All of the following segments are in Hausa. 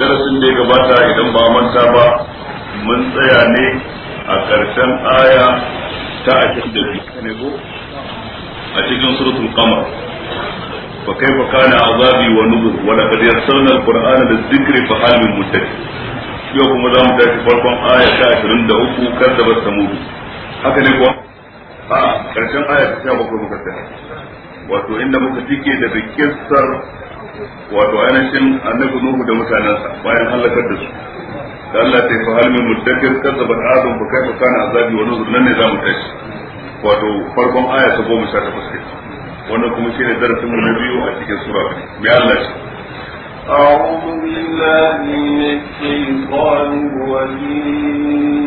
darasin da ya gabata idan ba manta ba mun tsaya ne a ƙarshen aya ta ashirin da biyu a cikin suratul qamar fa kaifa kana azabi wa nuzur wa laqad yassalna alqur'ana lidhikri fa hal min muttaqin yau kuma za mu tafi farkon aya ta ashirin da uku kazzaba samud haka ne kuwa a ƙarshen aya ta 17 muka tsaya wato inda muka tike da bikissar wato ainihin annabi nuhu da mutanensa bayan halakar da su da Allah ta yi fa halmin ba ta adam bukai ba kana azabi wa nuzur nan ne za mu tashi wato farkon aya ta goma sha takwas ke wannan kuma ne darasin mu na biyu a cikin sura mai Allah shi أعوذ بالله من الشيطان الرجيم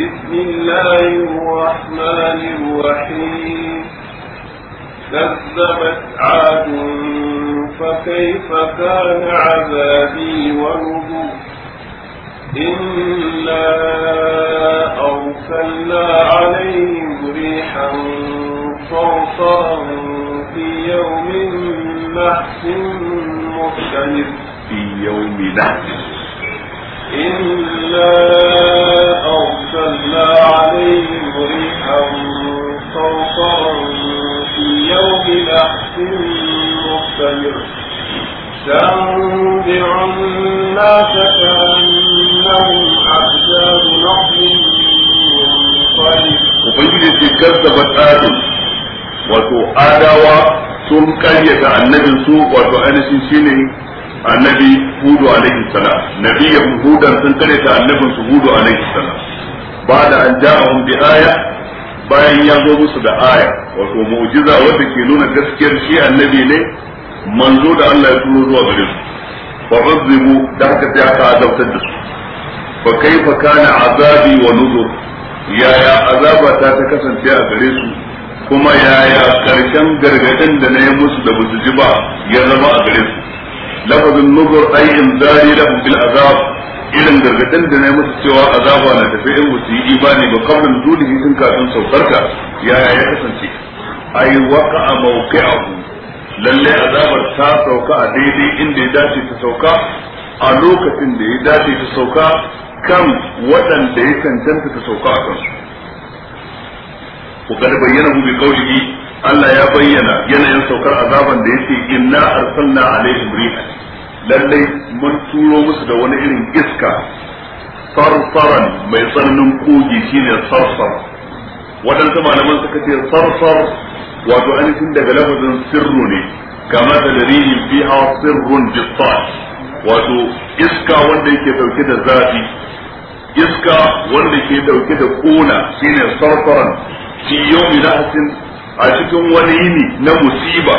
بسم الله الرحمن الرحيم كذبت عاد فكيف كان عذابي ونذر إلا أرسلنا عليهم ريحا صرصرا في يوم نحس مختلف في يوم نحس إلا أرسلنا عليهم ريحا صرصرا يوم بحث مختلف تنبع الناس كأنهم أحزاب نحل منقلب Ubangiji ce kazzaba tsarin wato adawa sun karyata annabin su wato ainihin shine annabi hudu alaihi salam nabiyyahum hudan sun karyata annabin su hudu alaihi salam ba da an ja'ahum bi aya bayan ya zo musu da aya wato mu'jiza wanda ke nuna gaskiyar shi annabi ne manzo da Allah ya turo zuwa gare su fa azzibu da haka sai aka azabtar da su fa kaifa kana azabi wa nuzur yaya azabata ta kasance a gare su kuma yaya karshen gargadin da na yi musu da musu ji ba ya zama a gare su lafazin nuzur ay zari lahum bil azab irin gargadin da na yi musu cewa azaba na tafi in musu yi imani ba kafin dulihi sun kafin saukarka yaya ya kasance ai a mawqi'ahu lallai azabar ta sauka a daidai inda ya dace ta sauka a lokacin da ya dace ta sauka kan waɗanda ya cancanta ta sauka a bayyana وقد بينه بقوله Allah ya bayyana yanayin saukar azaban da yake inna arsalna alaihim rihan lallai mun turo musu da wani irin iska sarsaran mai tsananin kogi shine sarsar waɗansu malaman suka ce sarsar wato ainihin daga lafazin sirru ne kama da dalilin fiha sirrun bisat wato iska wanda yake dauke da zafi iska wanda ke dauke da kona shine sarsaran fi yawmi a cikin wani yini na musiba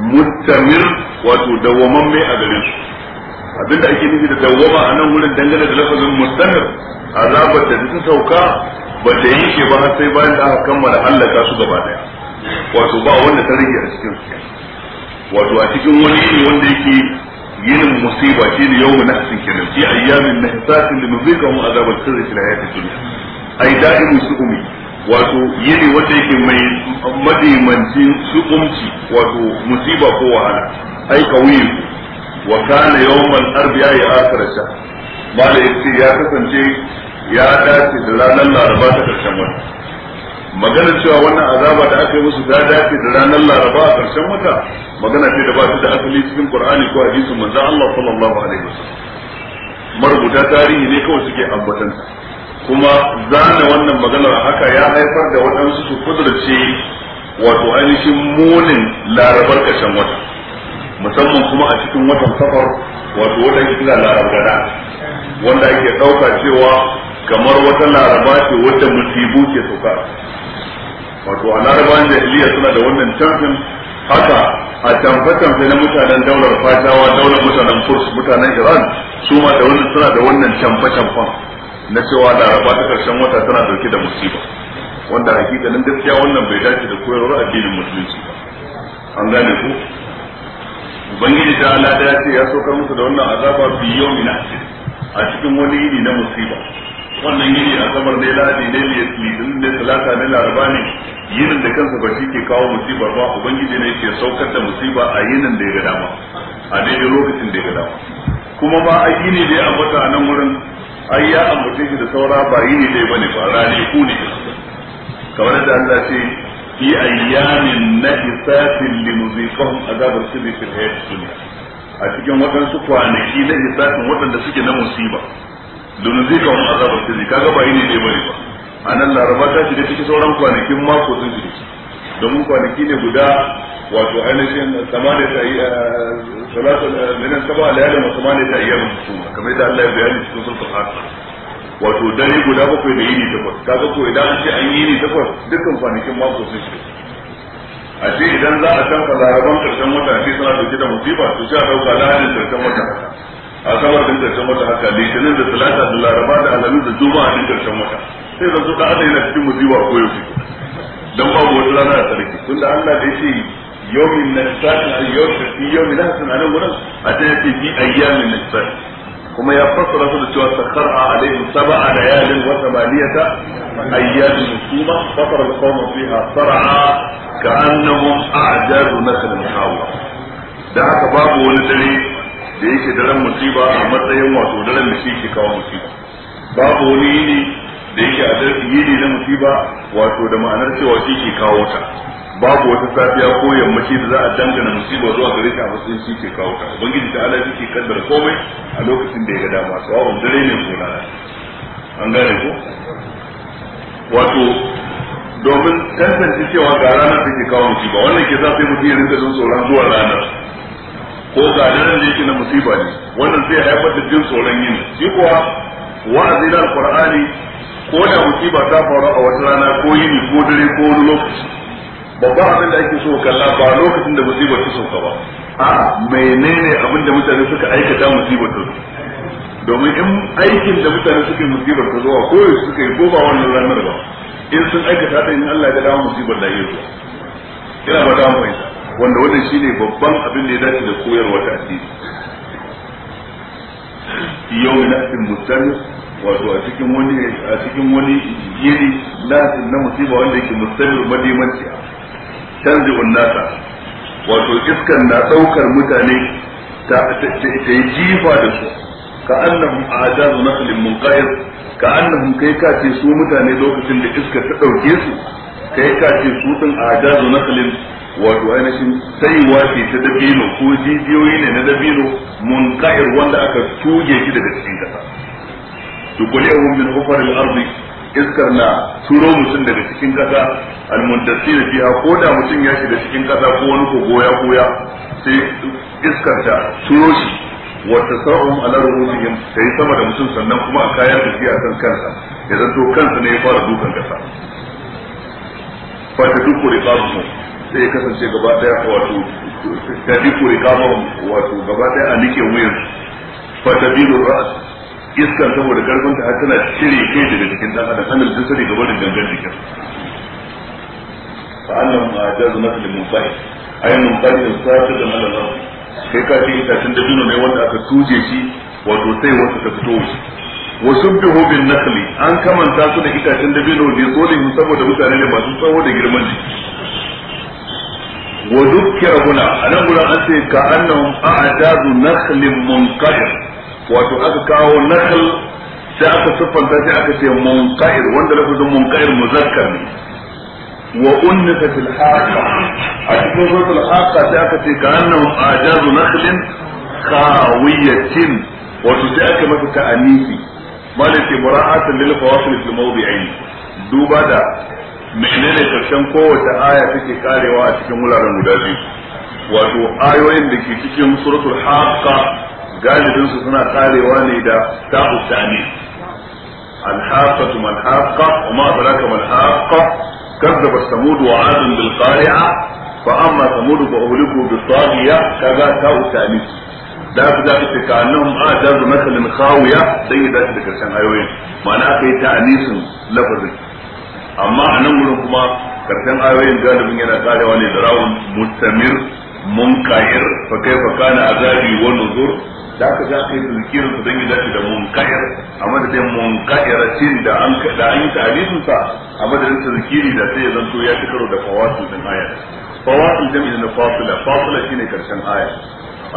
Mutamir wato dawwamamme a garin su abinda ake nufi da dawwama a nan wurin dangane da lafazin mustamir azabar da ta sauka ba ta yanke ba har sai bayan da aka kammala hallaka su gaba daya wato ba wanda ta rage a cikin su wato a cikin wani ne wanda yake yin musiba shi ne yau na cikin kenan fi ayyamin na hisatin da mu zai kawo azabar sirri shi na hayatun duniya ai da'imu su umi wato yini wata yake mai madimancin sukumci wato musiba ko wahala ai kawil wa kana yawmal arbiya ya akhir sha mala yace ya kasance ya dace da ranar laraba ta karshen wata magana cewa wannan azaba da aka yi musu ta dace da ranar laraba a karshen wata magana ce da ba ta da asali cikin qur'ani ko hadisin manzo Allah sallallahu alaihi wasallam marubuta tarihi ne kawai suke ambatanta kuma zane wannan maganar haka ya haifar da waɗansu su kudurce wato ainihin munin larabar ƙarshen wata musamman kuma a cikin watan safar wato wata kira larabgada wanda ake ɗauka cewa kamar wata laraba ce wadda musibu ke sauka wato a da iliya suna da wannan canfin haka a tamfe-tamfe na mutanen daular fatawa daular mutanen kurs mutanen iran su ma da wannan suna da wannan canfe-canfen na cewa laraba ta karshen wata tana dauke da musiba wanda hakikanin gaskiya wannan bai dace da koyarwar addinin musulunci ba an gane ku ubangiji ta ala da ya ce ya saukar musu da wannan azaba fi yawmin asir a cikin wani yini na musiba wannan yini a samar ne lahadi ne litinin ne talata ne laraba ne yinin da kansa ba shi ke kawo musiba ba ubangiji ne ke saukar da musiba a yinin da ya ga dama a daidai lokacin da ya ga dama kuma ba a yini da ya ambata a nan wurin ai ya ambace shi da saura ba yi yini dai bane ba rani ku ne kamar da Allah ce fi ayyamin nahisatin limuziqahum azab al-khizy fil hayat dunya a cikin waɗansu kwanaki na hisafin waɗanda suke na musiba limuziqahum azab al-khizy kaga ba yini dai bane ba anan laraba ta shi da cikin sauran kwanakin mako sun shi domin kwanaki ne guda wato ainihin samani ta yi eh, salatu eh, minan saba layalin wa samani ta iyyamin husuma kamar da Allah ya bayani cikin sulhul fatir wato dare guda bakwai da yini takwas kaga ko idan an ce an yi yini takwas dukkan kwanakin mako sun shi a ce idan za a canfa larabar karshen wata ce suna dauke da musiba to sai a dauka lahadin karshen wata a asabar din karshen wata haka litinin da talata da laraba da alamin da juma'a din karshen wata sai zan so da ana yana cikin musiba ko yau dan babu wata rana a sarki tunda Allah da yake yawmin nashfat al yawm fi yawmin nashfat anan gurin a ta yace fi ayyamin nashfat kuma ya fassara su da cewa sakhara alaihim sab'a layalin wa thamaniyata ayyamin husuma fasara qawmun da haka babu wani dare da yake daren musiba a matsayin wato daren da shi ke kawo musiba babu wani yini da yake a yini na musiba wato da ma'anar cewa shi ke kawo ta babu wata safiya ko yammaci da za a dangana musiba zuwa gare ta sai shi ke kawo ta ubangiji ta ala yake kaddar komai a lokacin da ya ga dama sawa'un dare ne ko rana an gane ko wato domin tantance cewa ga ranar da ke kawo musiba wannan ke zafi sai mutum ya rinka jin tsoron zuwa ranar ko ga daren da yake na musiba ne wannan zai haifar da jin tsoron yin shi kuwa wa'azi na alqur'ani ko da musiba ta faru a wata rana ko yini ko dare ko wani lokaci babban abin da ake so kalla ba lokacin da musibar ta sauka ba a menene abin da mutane suka aikata musibar ta domin in aikin da mutane suka yi musibar ta zuwa ko suka yi ko ba wannan ranar ba in sun aikata ta in Allah ya dawo musibar da yake ina ba ta mai wanda wannan shine babban abin da ya dace da koyarwa ta addini yau na cikin mutane, wato a cikin wani a cikin wani yini na musiba wanda yake mustani madaimanciya tanzi'un unnasa wato iskan na daukar mutane ta yi jifa da su ka annahum a'dazu naslin munqayr ka annahum kai ka ce su mutane lokacin da iska ta dauke su kai ka ce su din a'dazu naslin wato ainihin saiwa ce ta dabino ko jijiyoyi ne na dabino munqayr wanda aka tuge shi daga cikin kasa tuqulu min ufaril ardi iskar na turo mutum daga cikin kasa almuntasir fiha ko da mutum ya shiga cikin kasa ko wani kogo ya goya sai iskar ta turo shi wa tasawum ala ruhusihim sai sama da mutum sannan kuma a kayar da shi a kan kansa ya zanto kansa ne ya fara dukan kasa fa ta duku riqabu sai ya kasance gaba daya wato ta duku riqabu wato gaba daya a nike wuyan fa biyu ra's Iska saboda karfin ta har tana cire kai daga cikin dan adam annal sani, gaba da gangan jikin fa annam ma jazna lil mufai ay mufai sa'id da malaka kai ka ce ita tun da dino ne wanda aka tuje shi wato sai wanda ta fito Wasu wa subbihu bin nakhli an kamanta su da itacen dabino ne tsolin saboda mutane ne masu tsawo da girman jiki wa dukkira a nan gurin an ce ka annahum a'dadu nakhlin munqadir wato aka kawo nakal sai aka siffanta sai aka ce munqair wanda lafazin munqair muzakkar ne wa unnifat al haqa a cikin suratul haqa sai aka ce ka annahu ajazu nakhlin khawiyatin wato sai aka masa ta'anisi malaki mura'atan lil fawasil fil mawdi'ain duba da menene karshen kowace aya take karewa a cikin wuraren guda biyu wato ayoyin da ke cikin suratul haqa galibin su suna karewa ne da ta'u tani al-haqqatu mal haqqa wa ma adraka mal haqqa samud wa 'ad bil qari'a fa amma samud fa uhliku bi taghiya kaza ta'u tani da su da su ka annahum ajazu makalin khawiya da su ayoyin ma'ana kai ta'anisin lafazin amma a nan wurin kuma karshen ayoyin galibin yana karewa ne da rawun mustamir munkayir fa kaifa kana azabi wa nuzur da aka ga aka yi zikirin su don dace da munkayar a madadin munkayaracin da an da an yi ta'alifin sa a madadin ta zikiri da sai ya zanto ya fi karo da fawasul din aya fawasul din na fasula fasula ne karshen aya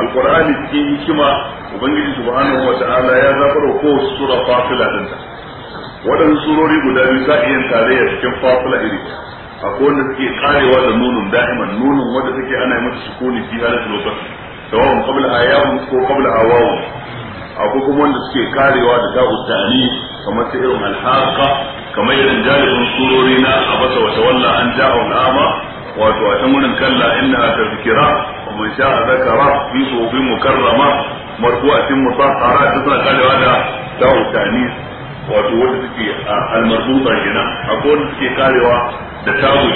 alqur'ani cikin hikima ubangiji subhanahu wata'ala ya zabar ko sura fasula din ta wadannan surori guda biyu za a iya tarayya cikin fasula iri akwai wanda suke karewa da nunun da'iman nunun wanda take ana yi masa sukuni fi halatul lokaci sawa'un qabla ayyam ko qabla awaw akwai kuma wanda suke karewa da ta'u ta'ani kamar ta irin alhaqa kamar irin jalibin surori na abasa wa tawalla an ja'a al'ama wato a can wurin kalla innaha tazkira wa man sha'a zakara fi suhufin mukarrama marfu'atin mutahhara tana karewa da ta'u ta'ani wato wanda suke almarbuta kenan akwai wanda suke karewa da tawo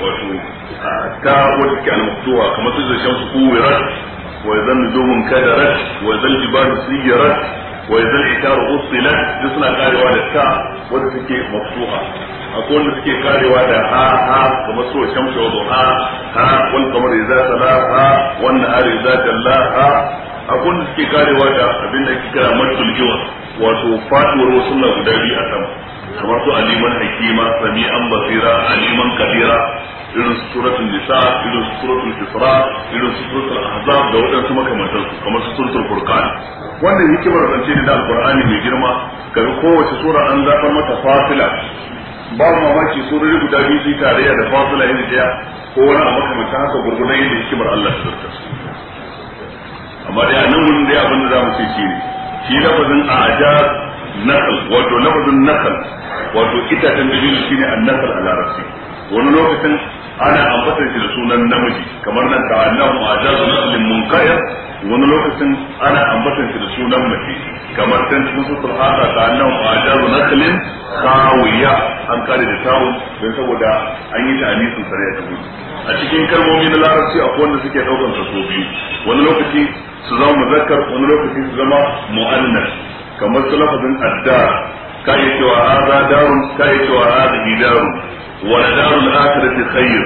wato ta wata ke almaktuwa kamar su zai su kuwirar وإذا النجوم انكدرت وإذا الجبال سيرت وإذا العشار أصلت جسنا قالوا على التاء وتسكي مفتوحة أقول لك قالوا على ها ها ومسوء الشمس وضحاها ها والقمر إذا تلاها والنهار إذا جلاها abin da suke karewa da abin da ake kira martul jiwa wato faduwar wasu na guda biyu a sama kamar su irin su suratul nisa irin su suratul isra irin su suratul ahzab da wadansu makamantan su kamar su suratul furqan wannan hikimar zance ne da alqur'ani mai girma kaga kowace sura an zabar mata fasila ba mamaki surori guda biyu su tarayya da fasila yin daya ko wani a makamantan haka gurgunan yin hikimar Allah ta zarta amma dai a nan wurin dai abin da za mu ce shi ne shi lafazin ajar nakal wato lafazin nakal wato itacen da biyu shine annasal a larabci wani lokacin ana ambatar shi da sunan namiji kamar nan ta'allahu ajaza naslin munqayr wani lokacin ana ambatar shi da sunan mace kamar tan cikin sutur hada ta'allahu ajaza naslin kawiya an kare da tawo don saboda an yi ta'anisin sare ta cikin a cikin kalmomi na larabci akwai wanda suke daukar sa so biyu wani lokaci su zama muzakkar wani lokaci su zama mu'annas kamar su lafazin addar ka yi cewa hada darun ka yi cewa hada darun ولدار الآخرة خير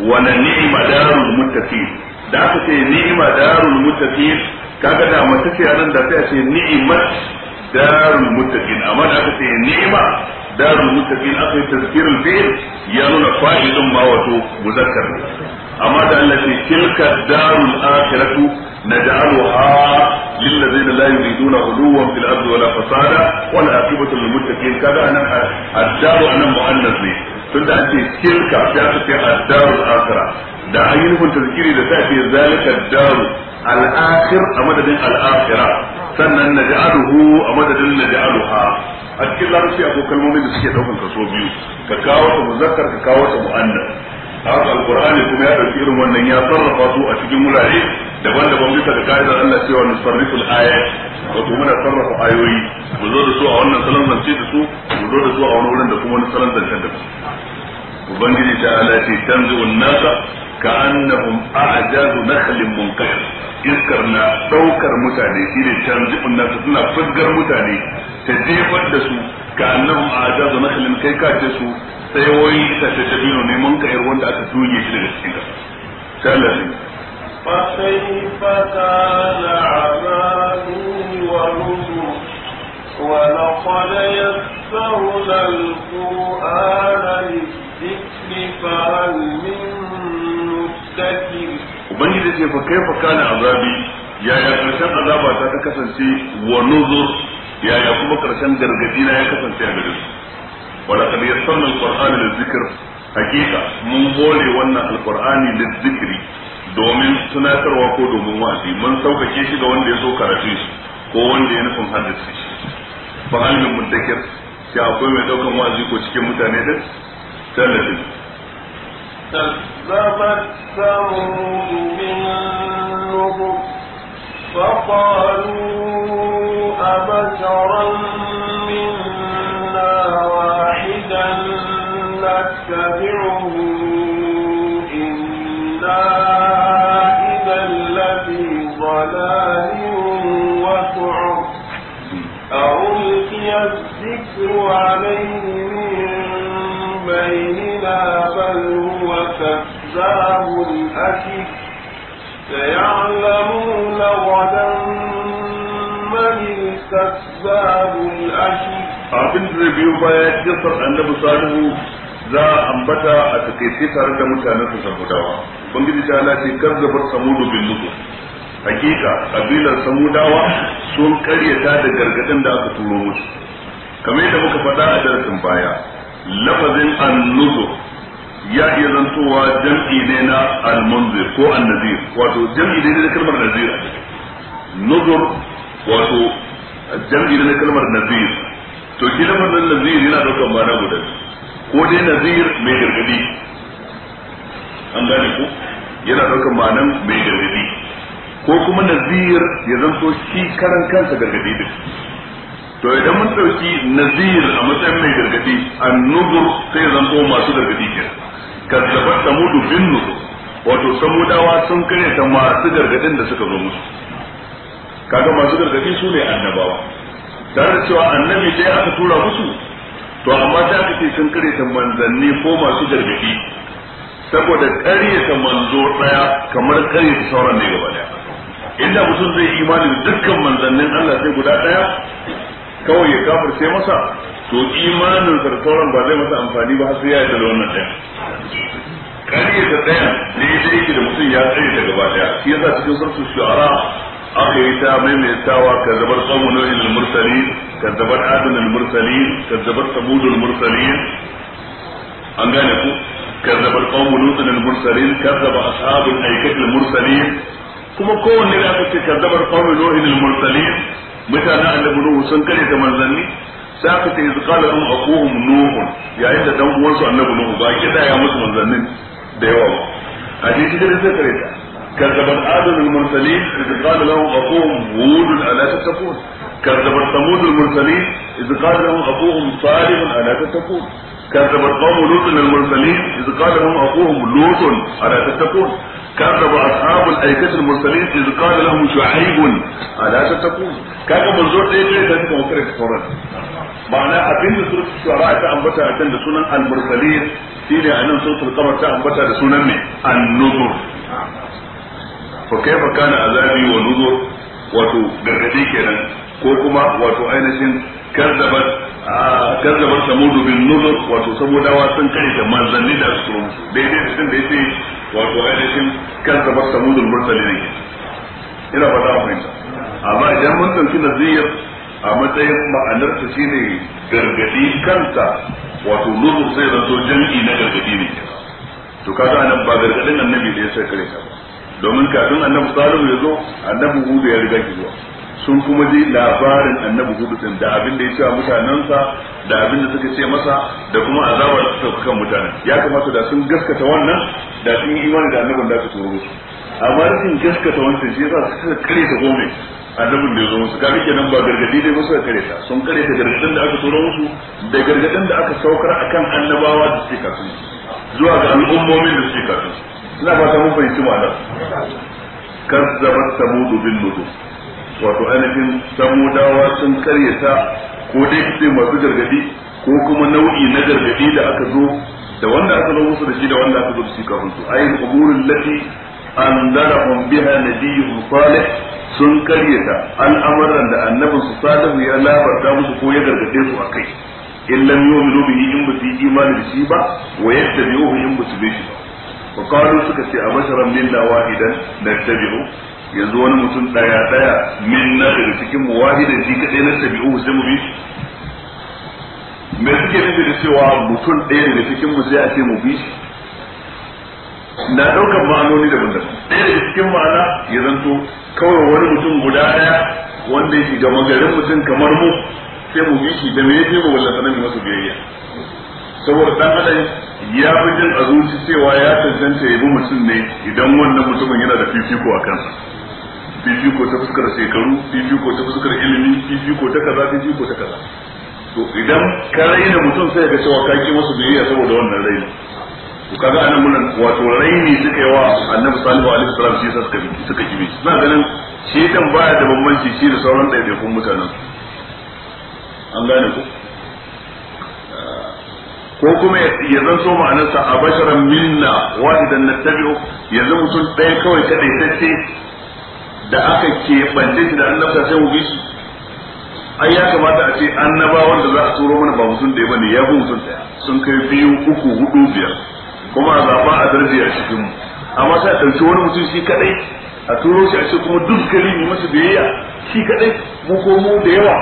ولنعم دار المتقين da aka ce ni'ima darul muttaqin kaga da mace ce nan da sai a ce ni'imat darul muttaqin amma da aka ce ni'ima darul muttaqin aka yi tazkirul fi'l ya nuna fa'ilun ma wato muzakkar amma da Allah ce tilka darul akhiratu naj'aluha للذين لا يريدون علوا في الارض ولا فسادا والعاقبه للمتقين كذا daru الدار انا مؤنث tun da ake ce tilka sai aka darul akhirah da an yi nufin tazkiri da sai ce zalika daru al-akhir a madadin al-akhirah sannan naj'aluhu a madadin naj'aluha a cikin larabci akwai kalmomin da suke daukan kaso biyu ka kawo ta muzakkar ka kawo ta mu'annas haka alqur'ani kuma ya dauki irin wannan ya sarrafa su a cikin wulaye. daban-daban bisa da ka'idar Allah cewa nusarriful ayat wato muna sarrafa ayoyi mu zo da su a wannan salon zance da su mu zo da su a wani wurin da kuma wani salon zance da su ubangiji ta ala ce canzu unnasa, ka annahum a'jazu nakhlin munqashir iskar na daukar mutane shine canzu unnasa suna fusgar mutane ta jefar da su ka annahum a'jazu nakhlin kai ka ce su sai wai ta tabino ne mun kayar wanda aka tuge shi daga cikin ka sallallahu فكيف كان عذابي ونصر ولقد يسرنا القران للذكر فهل من مستكبر وبنجي لك فكيف كان عذابي يا يا كرشان عذابا تتكسنسي ونذر يا يا كما كرشان جرجتينا يا كسنسي عبدالله ولقد يسرنا القران للذكر حقيقه من بولي وانا القران للذكر domin tunatarwa ko domin wa'azi mun sauƙaƙe shi ga wanda ya so karatu shi ko wanda ya nufin haddace shi ba halin muddakir shi akwai mai daukan wa'azi ko cikin mutane da tallafi كذبت ثمود من فقالوا أبشرا يحشرون غدا abin da zai biyo baya kisar annabi salihu za a ambata a takaice tare da mutanen su samudawa ubangiji ta ala ce kar zabar samudu bin hakika kabilar samudawa sun karyata da gargadin da aka turo musu kamar yadda muka faɗa a darasin baya lafazin annuzu ya iya zantowa jam'i ne na al ko an wato jam'i ne na kalmar nazir nuzur wato jam'i ne na kalmar nazir to shi nan nazir yana daukar ma'ana guda ko dai nazir mai gargadi an gane ku yana daukar ma'anan mai gargadi ko kuma nazir ya zanto shi karan kansa gargadi din to idan mun dauki nazir a matsayin mai gargadi an nuzur sai ya zanto masu gargadi kenan da samudu bin nuzu wato samudawa sun kare ta masu gargadin da suka zo musu kaga masu gargadi su ne annabawa tare da cewa annabi dai aka tura musu to amma ta kace ce sun kare ta manzanni ko masu gargadi saboda ta manzo ɗaya kamar ta sauran ne gaba daya inda mutum zai imani dukkan manzannin Allah sai guda ɗaya kawai ya kafirce masa to imanin sa sauran ba zai masa amfani ba sai ya yi da wannan ɗaya kariya ta ɗaya ne ce yake da mutum ya tsaye ta gaba ɗaya shi yasa cikin sarsu shu'ara aka yi ta maimaitawa kazzabar qawmun lil mursalin kazzabar adun lil mursalin kazzabar samud lil mursalin an gane ku ka zabar kazzabar qawmun lil ka kazzaba ashabul aikat lil mursalin kuma kowanne da aka ce ka kazzabar qawmun lil mursalin mutanen annabi nuhu sun kare ta manzanni sai ta yanzu kala ɗan akuhum nuhun yayin da dan uwansu annabi nuhu ba ke da ya musu manzannin da yawa ba a jiki da sai kare ta kazzabat adul mursalin idh qala lahum aquhum hud ala tattaqun kazzabat samud al mursalin idh qala lahum aquhum ala tattaqun كذبت قوم لوط المرسلين إذ قال لهم أخوهم لوط ألا تتقون كذب أصحاب الأيكة المرسلين إذ قال لهم شعيب ألا تتقون كذب الزور إيه كذب مكرك التوراة ma'ana abin da surat shuara ta ambata a can da sunan al-mursalin shine a nan suratul qamar ta ambata da sunan ne an-nuzur fa kaifa kana azabi wa nuzur wato gargadi kenan ko kuma wato ainihin kazzabat kazzabat samudu bin nuzur wato saboda wasan sun da manzanni da su daidai da sun da yake wato ainihin kazzabat samudu mursalin ina ba za mu fahimta amma idan mun tantance naziyar a matsayin ma'anarsa shine gargadi kanta wato sai zai zanto jami'i na gargadi ne to kaga anan ba gargadin annabi da ya sai kare ka domin kafin annabi salihu ya zo annabi hudu ya riga ki zuwa sun kuma ji labarin annabi hudu din da abin da ya ce mutanensa da abin da suka ce masa da kuma azabar da suka kan mutanen ya kamata da sun gaskata wannan da sun yi imani da annabin da aka turo musu amma rashin gaskata wancan shi yasa suka kare ta gome annabin da ya zo musu kaga kenan ba gargadi dai musu kare ta sun kare da gargadin da aka turo musu da gargadin da aka saukar akan annabawa da suke kafin zuwa ga al'ummomin da suke kafin ina ba ta mun fahimci ma'anar kazzabat samudu bin nuzur wato ainihin samudawa sun karyata ko dai kace masu gargadi ko kuma nau'i na gargadi da aka zo da wanda aka zo musu da shi da wanda aka zo da shi kafin su ayin umurul lati anzarahum biha nabiyyun salih sun karyata al'amuran da annabin su salihu ya labarta musu ko ya gargade su akai in lam yu'minu bihi in ba su yi imani da shi ba wa yadda yattabi'uhu in ba su bi shi ba fa qalu suka ce a basharan minna wahidan nattabi'u yanzu wani mutum daya daya na daga cikin mu wahidan shi kadai nattabi'uhu sai mu bi shi me suke nufi da cewa mutum ɗaya daga cikin mu sai a ce mu bi shi na ɗaukar ma'anoni daban-daban ɗaya daga cikin ma'ana ya zanto kawai wani mutum guda daya wanda ya shiga magarin mutum kamar mu sai mu bi shi da me yake mu wallafa nan masa biyayya saboda dan adam ya fi jin a zuci cewa ya tantance ya bi mutum ne idan wannan mutumin yana da fifiko a kansa fifiko ta fuskar shekaru fifiko ta fuskar ilimi fifiko ta kaza fifiko ta kaza to idan ka raina mutum sai ka cewa ka ki masa biyayya saboda wannan raina to kaga anan mun wato raini suka yi wa annabi salihu alaihi salam shi yasa suka suka kibe suna ganin shi dan baya da bambanci shi da sauran kun mutanen an gane ku ko kuma ya zan so ma'anarsa a basharan minna na nattabi'u ya zan mutum ɗaya kawai kadai ce da aka ke shi da annabta sai mu bi shi ai ya kamata a ce annabawan wanda za a turo mana ba mutum ɗaya bane ya fi mutum ɗaya sun kai biyu uku hudu biyar kuma a zaba a darje a cikin mu amma sai a ɗauki wani mutum shi kaɗai, a turo shi a ce kuma duk gari ne masa biyayya shi kaɗai mu ko mu da yawa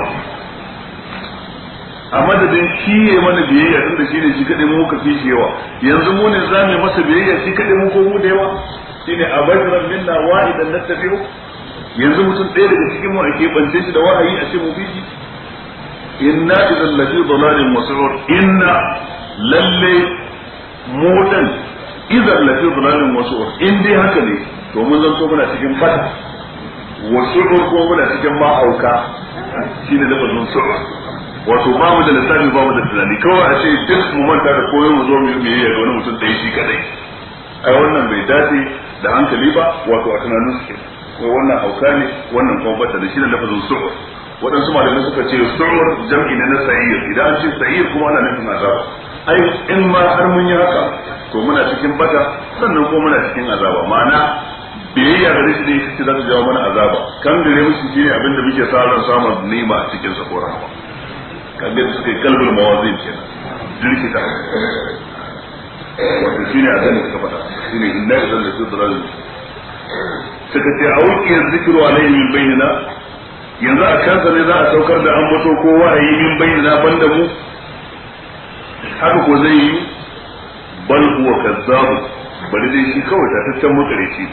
a madadin shi ya mana biyayya tunda shi ne shi kaɗai mu ka fi shi yawa yanzu mu ne za mu masa biyayya shi kaɗai mu ko mu da yawa a shine abajran minna wahidan nattabi'u yanzu mutum ɗaya daga cikin mu a keɓance shi da wahayi a ce mu bi shi inna idan lafi dalalin masarur inna lalle mu dan idan lafi zalalin wasu in dai haka ne to mun zanto muna cikin fata wasu ko muna cikin ma'auka shine da bazun so wato ba mu da lissafi ba mu da tunani kawai a ce duk mu manta da koyon mu zo mu yi biyayya ga wani mutum da shi kadai ai wannan bai dace da hankali ba wato a tunanin su ko wannan hauka ne wannan kuma bata da shi da lafazin su'ur waɗansu malamai suka ce su'ur jam'i ne na sa'ir idan an ce sa'ir kuma ana nufin azaba ai in ma har mun yi haka to muna cikin bata sannan ko muna cikin azaba ma'ana biyayya da rishi ne shi za jawo mana azaba kan gare mu shi ne abinda muke sa ran samun nima cikin sa ko rahama kan gare su kai kalbul mawazin kenan dirki ta wato shi ne a da ka fata shi ne inna idan da su dalalin suka ce a wukiyar zikiru alaihi min bayyana yanzu a kansa ne za a saukar da an mutu ko wahayi min bayyana banda mu haka ko zai yi bal huwa kazzabu bari dai shi kawai ta tattan makareci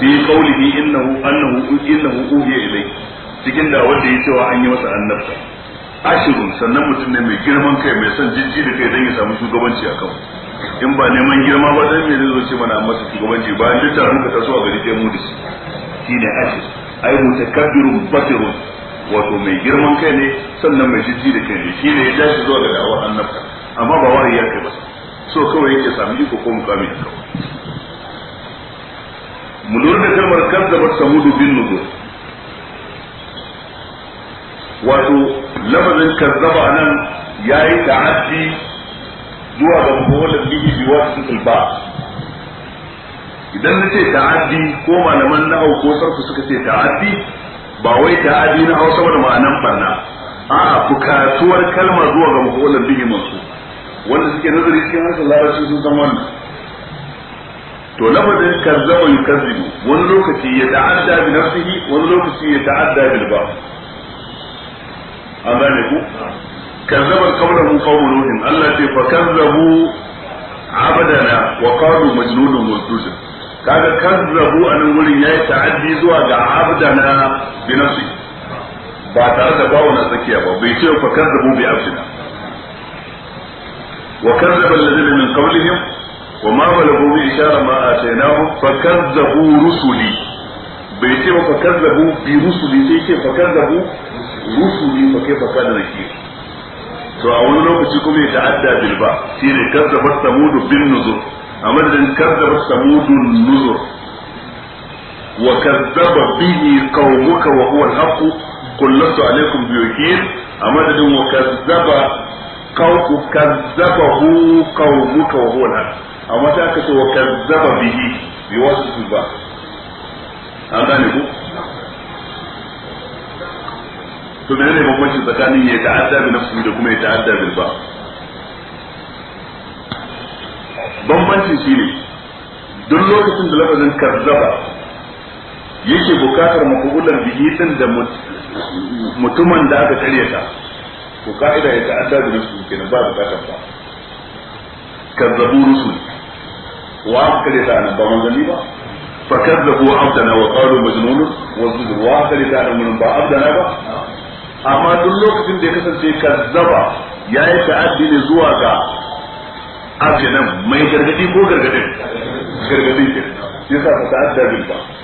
bi qawlihi innahu annahu innahu uhiya ilayhi cikin da wanda ya cewa an yi masa annabta ashirun sannan mutum ne mai girman kai mai son jinji da kai dan ya samu shugabanci a kan in ba neman girma ba dan me zai ce mana an masa shugabanci ba, inda ta ka taso a gari ɗaya mu da shi ne ashir ai mutakabbirun batirun wato mai girman kai ne sannan mai jinji da kai ne shine ya dace zuwa ga dawo annabta amma ba wani ya kai ba, so kawai yake sami iko ko mukami da kawai mu lura da kalmar ta samudu bin nuzur wato lafazin kazzaba ya yi ta'addi zuwa ga mawlan bihi bi wasil ba idan na ce ta'addi ko malaman na ko sarku suka ce ta'addi ba wai ta'addi na hausa wani ma'anan barna a'a bukatuwar kalmar zuwa ga mawlan bihi masu wanda suke nazari cikin harshen larabci sun san wannan to lafazin kazzaba yukazzibu wani lokaci ya ta'adda bi nafsihi wani lokaci ya ta'adda bil ba an gane ku kazzabar kaulahu qaumu ruhin. Allah ce fa kazzabu abadana wa qalu majnunun mustujib kaga kazzabu a nan wurin yayi ta'addi zuwa ga abdana bi nafsi ba tare da bawo na tsakiya ba bai ce fa kazzabu bi abdina وكذب الذين من قبلهم وما بلغوا بإشارة ما آتيناهم فكذبوا رسلي بيتي فكذبوا برسلي سيتي فكذبوا رسلي فكيف كان نكير to a wani lokaci kuma ya ta'adda bilba shine kazzabat samudu bin nuzur a madadin kazzabat samudu nuzur wa kazzaba bihi qaumuka wa huwa al a madadin wa kawu kazzabahu qaumuka wa huwa al amma ta aka ce wa kazzaba bihi bi wasu ba an gane ku to ne ne bambanci tsakanin ya ta'adda bi nafsi da kuma ya ta'adda bil ba shi ne duk lokacin da lafazin kazzaba yake bukatar makubulan bihi din da mutumin da aka karyata to ka'ida ya ta'adda da rusul kenan ba da bukatar ba kazzabu rusul wa aka kare ta ba manzanni ba fa kazzabu abdana wa qalu majnun wa zid wa kare ta anan ba abdana ba amma duk lokacin da ya kasance kazzaba ya yi ta'addi ne zuwa ga abdanan mai gargadi ko gargadin gargadin ke yasa ba ta'adda ba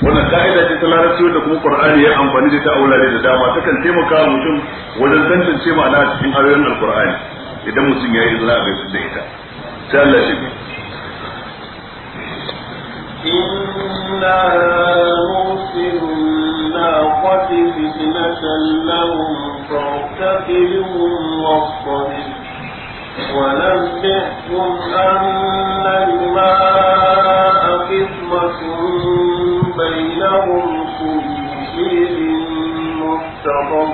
wannan ka'ida ce ta larabci da kuma qur'ani ya amfani da ta aulare da dama takan taimaka mutum wajen tantance ma'ana a cikin ayoyin alqur'ani idan mutum ya yi zaɓe da ita sai Allah shi إنا أرسلنا قد فتنة لهم فارتقبهم واصطبر ونبئهم أن الماء قسمة بينهم سلسل مستقر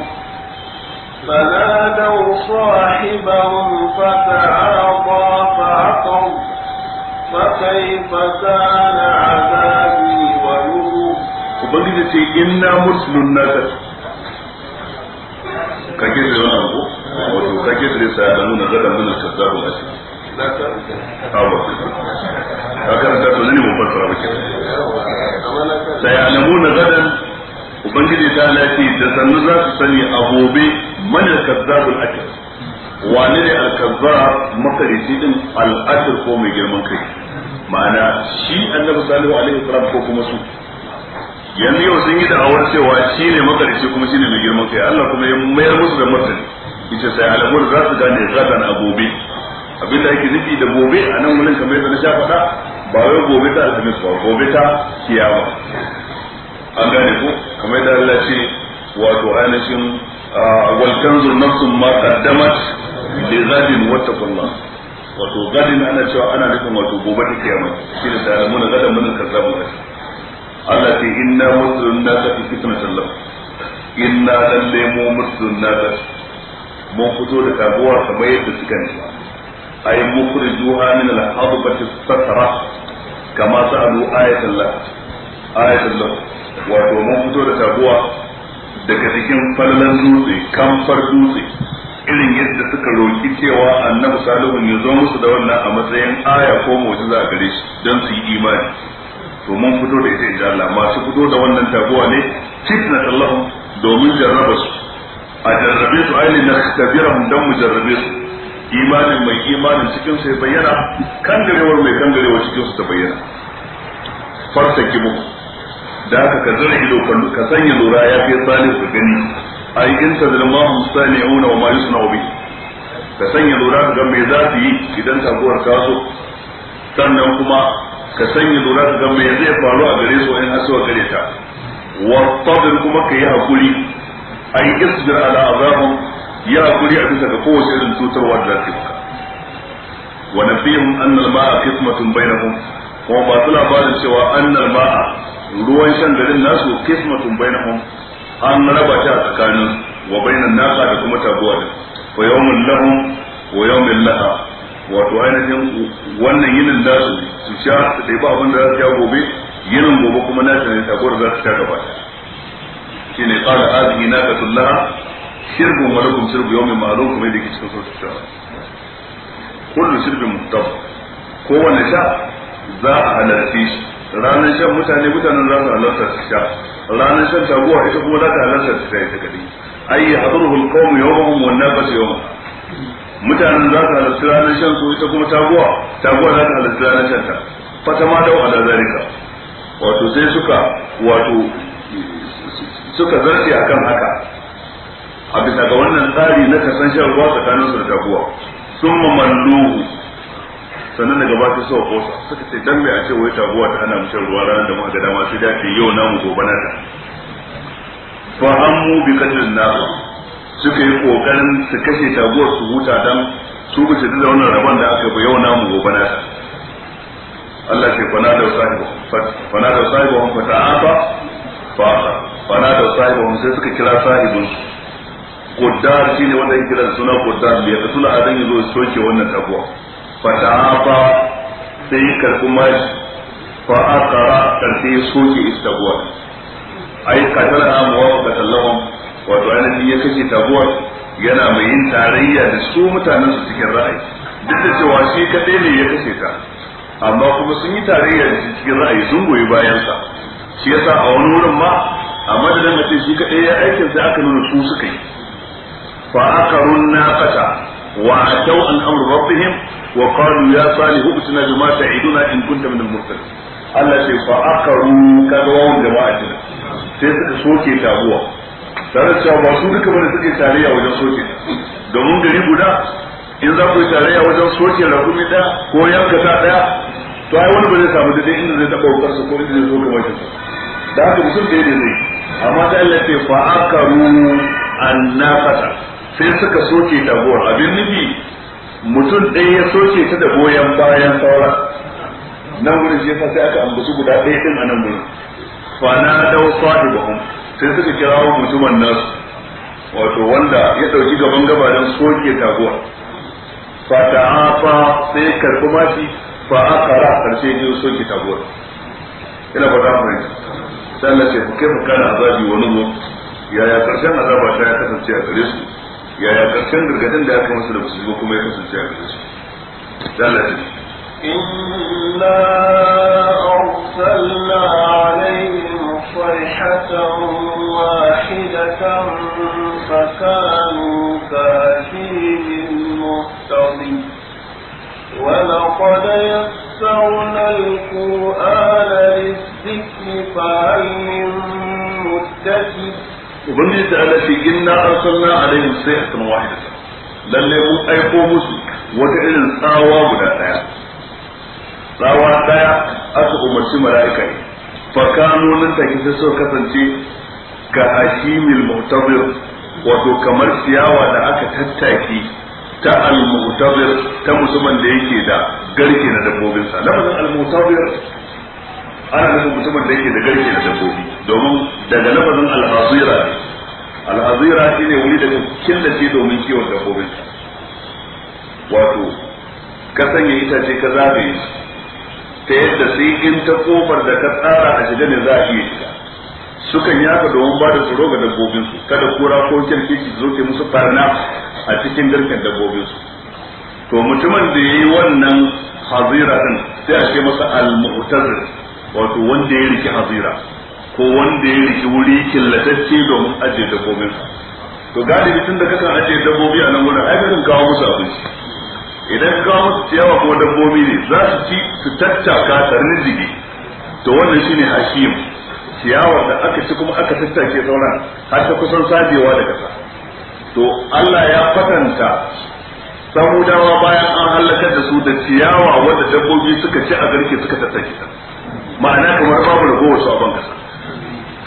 فنادوا صاحبهم فتعاطى فعقر فكيف كان عذابي ونذر وبنجد شيء إنا مسل الناس كجزء من أبو وكجزء سيعلمون غدا من الكذاب الأشياء ka karanta to ne mun fassara miki na gadan ubangiji ta lati da sannu za su sani a gobe man al-kazzabul atir wane ne al-kazzab makarici din al-atir ko mai girman kai ma'ana shi annabi salihu alaihi salam ko kuma su yanzu yau sun yi da'awar cewa shi ne makarici kuma shi ne mai girman kai Allah kuma ya mayar musu da martani yace sai alamun za su gane zagan a gobe abin da ake nufi da gobe a nan wurin kamar yadda na sha faɗa ba wai gobe ta alhamis ba gobe ta kiyama an gane ko kamar yadda Allah ce wato ainihin wal kanzu nafsun ma qaddamat li wata wattaqullah wato gadin ana cewa ana nufin wato gobe ta kiyama shi da alamun gadan mun kazzabu Allah ce inna muslimun nasa fi fitnatin In inna lalle mu na nasa mun fito da kaguwa kamar yadda suka nufa ay mukhrijuha min al-hadbati satra kama sa'alu ayatan la ayatan la wato mun fito da tabuwa daga cikin falalan dutse kamfar dutse irin yadda suka roki cewa annabi salihu ya zo musu da wannan a matsayin aya ko mu'jiza gare shi don su yi imani to mun fito da ita insha Allah masu fito da wannan tabuwa ne fitna Allah domin jarraba su a jarrabe su ainihin na tabirahum dan mu jarrabe su imanin mai imanin cikin sai ya bayyana garewar mai kangarewar cikin su ta bayyana farsa kibo da haka ka zara ido kallo ka sanya lura ya fi tsali su gani A ai in ta zalma ya auna wa ma suna obi ka sanya lura ka ga me za su yi idan taguwar kaso sannan kuma ka sanya lura ka ga me zai faru a gare su wani asuwa gare ta wa tabir kuma ka yi hakuri A yi isbir ala azabun ya hakuri a bisa ga kowace irin cutarwa da za ta maka wa nafihim annal ma'a qismatun bainahum kuma ba su labarin cewa annal ma'a ruwan shan garin nasu na bainahum an raba ta a tsakanin wa na nasa da kuma ta taguwa da wa yawmin lahum wa yawmin laha wato ainihin wannan yinin nasu su sha su ba abin da za su sha gobe yinin gobe kuma nasu ne taguwar za su sha gaba shine qala hadhihi naqatullah shirbin malakum shirbu yau mai ma'alum kuma da ke cikin sosu shawa kullu shirbin mutab kowane sha za a halarci shi ranar shan mutane mutanen za su halarta su sha ranar shan taguwa ita kuma za ta halarta su sha ita kadai ai hadruhul qawm yawmahum wan nafas yawm mutanen za su halarci ranar shan su ita kuma taguwa taguwa za ta halarci ranar shan ta fata ma dau ala zalika wato sai suka wato suka zarce akan haka a bisa ga wannan tsari na kasan shan ruwa tsakanin su da jagowa sun mamallu sannan daga ba su suka kosa suka ce dan mai a ce wai taguwa ta ana mushan ruwa ranar da muka ga dama sai dace yau na mu gobe ta fa ammu bi qadrin na suka yi kokarin su kashe taguwar su huta dan su ba su da wannan rabon da aka bi yau na mu gobe ta Allah ce fa da sahibu fa da sahibu fa ta'afa fa fa da sahibu sai suka kira sahibinsu qaddar shine wanda yake da suna qaddar bai da suna adan yazo soke wannan tabuwa fa ta'afa sai karbi mashi fa aqara karfi soke istabuwa ai qatala amwa wa qatallahum wato ainihin ya kashe tabuwar yana mai yin tarayya da su mutanen su cikin ra'ayi duk da cewa shi kadai ne ya kashe ka? amma kuma sun yi tarayya da shi cikin ra'ayi sun bayansa shi yasa a wani wurin mace kadai ya aikin sai aka nuna su suka yi فعقروا الناقة وعتوا عن أمر ربهم وقالوا يا صالح ائتنا بما تعدنا إن كنت من المرسلين Allah ce fa aka ruka ga wawan jama'a ce sai suka soke tabuwa tare da cewa ba su duka bane suke tarayya wajen soke domin gari guda in za ku yi tarayya wajen soke rakumi da ko yanka ta daya to ai wani ba zai samu daidai inda zai taba wukar su ko inda zai zo kamar shi da haka mutum da yadda amma da Allah ce fa aka ru annafata sai suka soke taguwar abin nufi mutum ɗaya ya soke ta da goyon bayan sauran nan wurin shi yasa sai aka ambaci guda ɗaya ɗin a nan wurin fa na dau sahibahum sai suka kirawo mutumin nasu wato wanda ya ɗauki gaban gaba soke soke taguwa fa ta'afa sai karɓi mafi fa akara karshe ya soke taguwar ina fata mai sai Allah ce kai fa kana azabi wani zo yaya karshen azaba ta ya kasance a gare su yaya karshen gargadin da aka musu da basu ji kuma ya kasance a gare su dalilin inna arsalna alaihim sayhatan wahidatan fakanu kafirin muhtadi ولقد يسرنا القرآن للذكر فهل من مدكر ubangiji ta ala ce inna arsalna alaihim sayhatan wahidatan lalle mun aiko musu wata irin tsawa guda daya tsawa daya aka umarci mala'ika ne fa kanu nan take sai suka kasance ka hashimil mu'tabir wato kamar ciyawa da aka tattaki ta al-mu'tabir ta musamman da yake da garke na dabbobinsa lafazin al-mu'tabir ana nufin musamman da yake da garke na dabbobi domin daga lafazin alhazira ne alhazira ne wuri da killace domin kiwon dabbobin wato ka sanya itace ka zaɓe ta yadda sai in ta kofar da ka tsara a shiga ne za a iya shiga sukan yaka domin ba da tsoro ga dabbobinsu kada kura ko kirkici zo ke musu farna a cikin garken dabbobinsu to mutumin da ya yi wannan hazira din sai a ce masa al-mu'tazir wato wanda ya riki hazira ko wanda ya riki wuri killatacce domin ajiye dabbobin to galibi tun da kasan ajiye dabbobi a nan wurin ai kakan kawo musu abinci idan kawo musu ciyawa ko dabbobi ne za su ci su tattaka ta riziki to wannan shine hashim ciyawa da aka ci kuma aka tattake sauran har ta kusan sajewa da kasa to Allah ya fatanta samudawa bayan an halaka da su da ciyawa wanda dabbobi suka ci a garke suka tattake ta ma'ana kamar babu ragowar su a kasa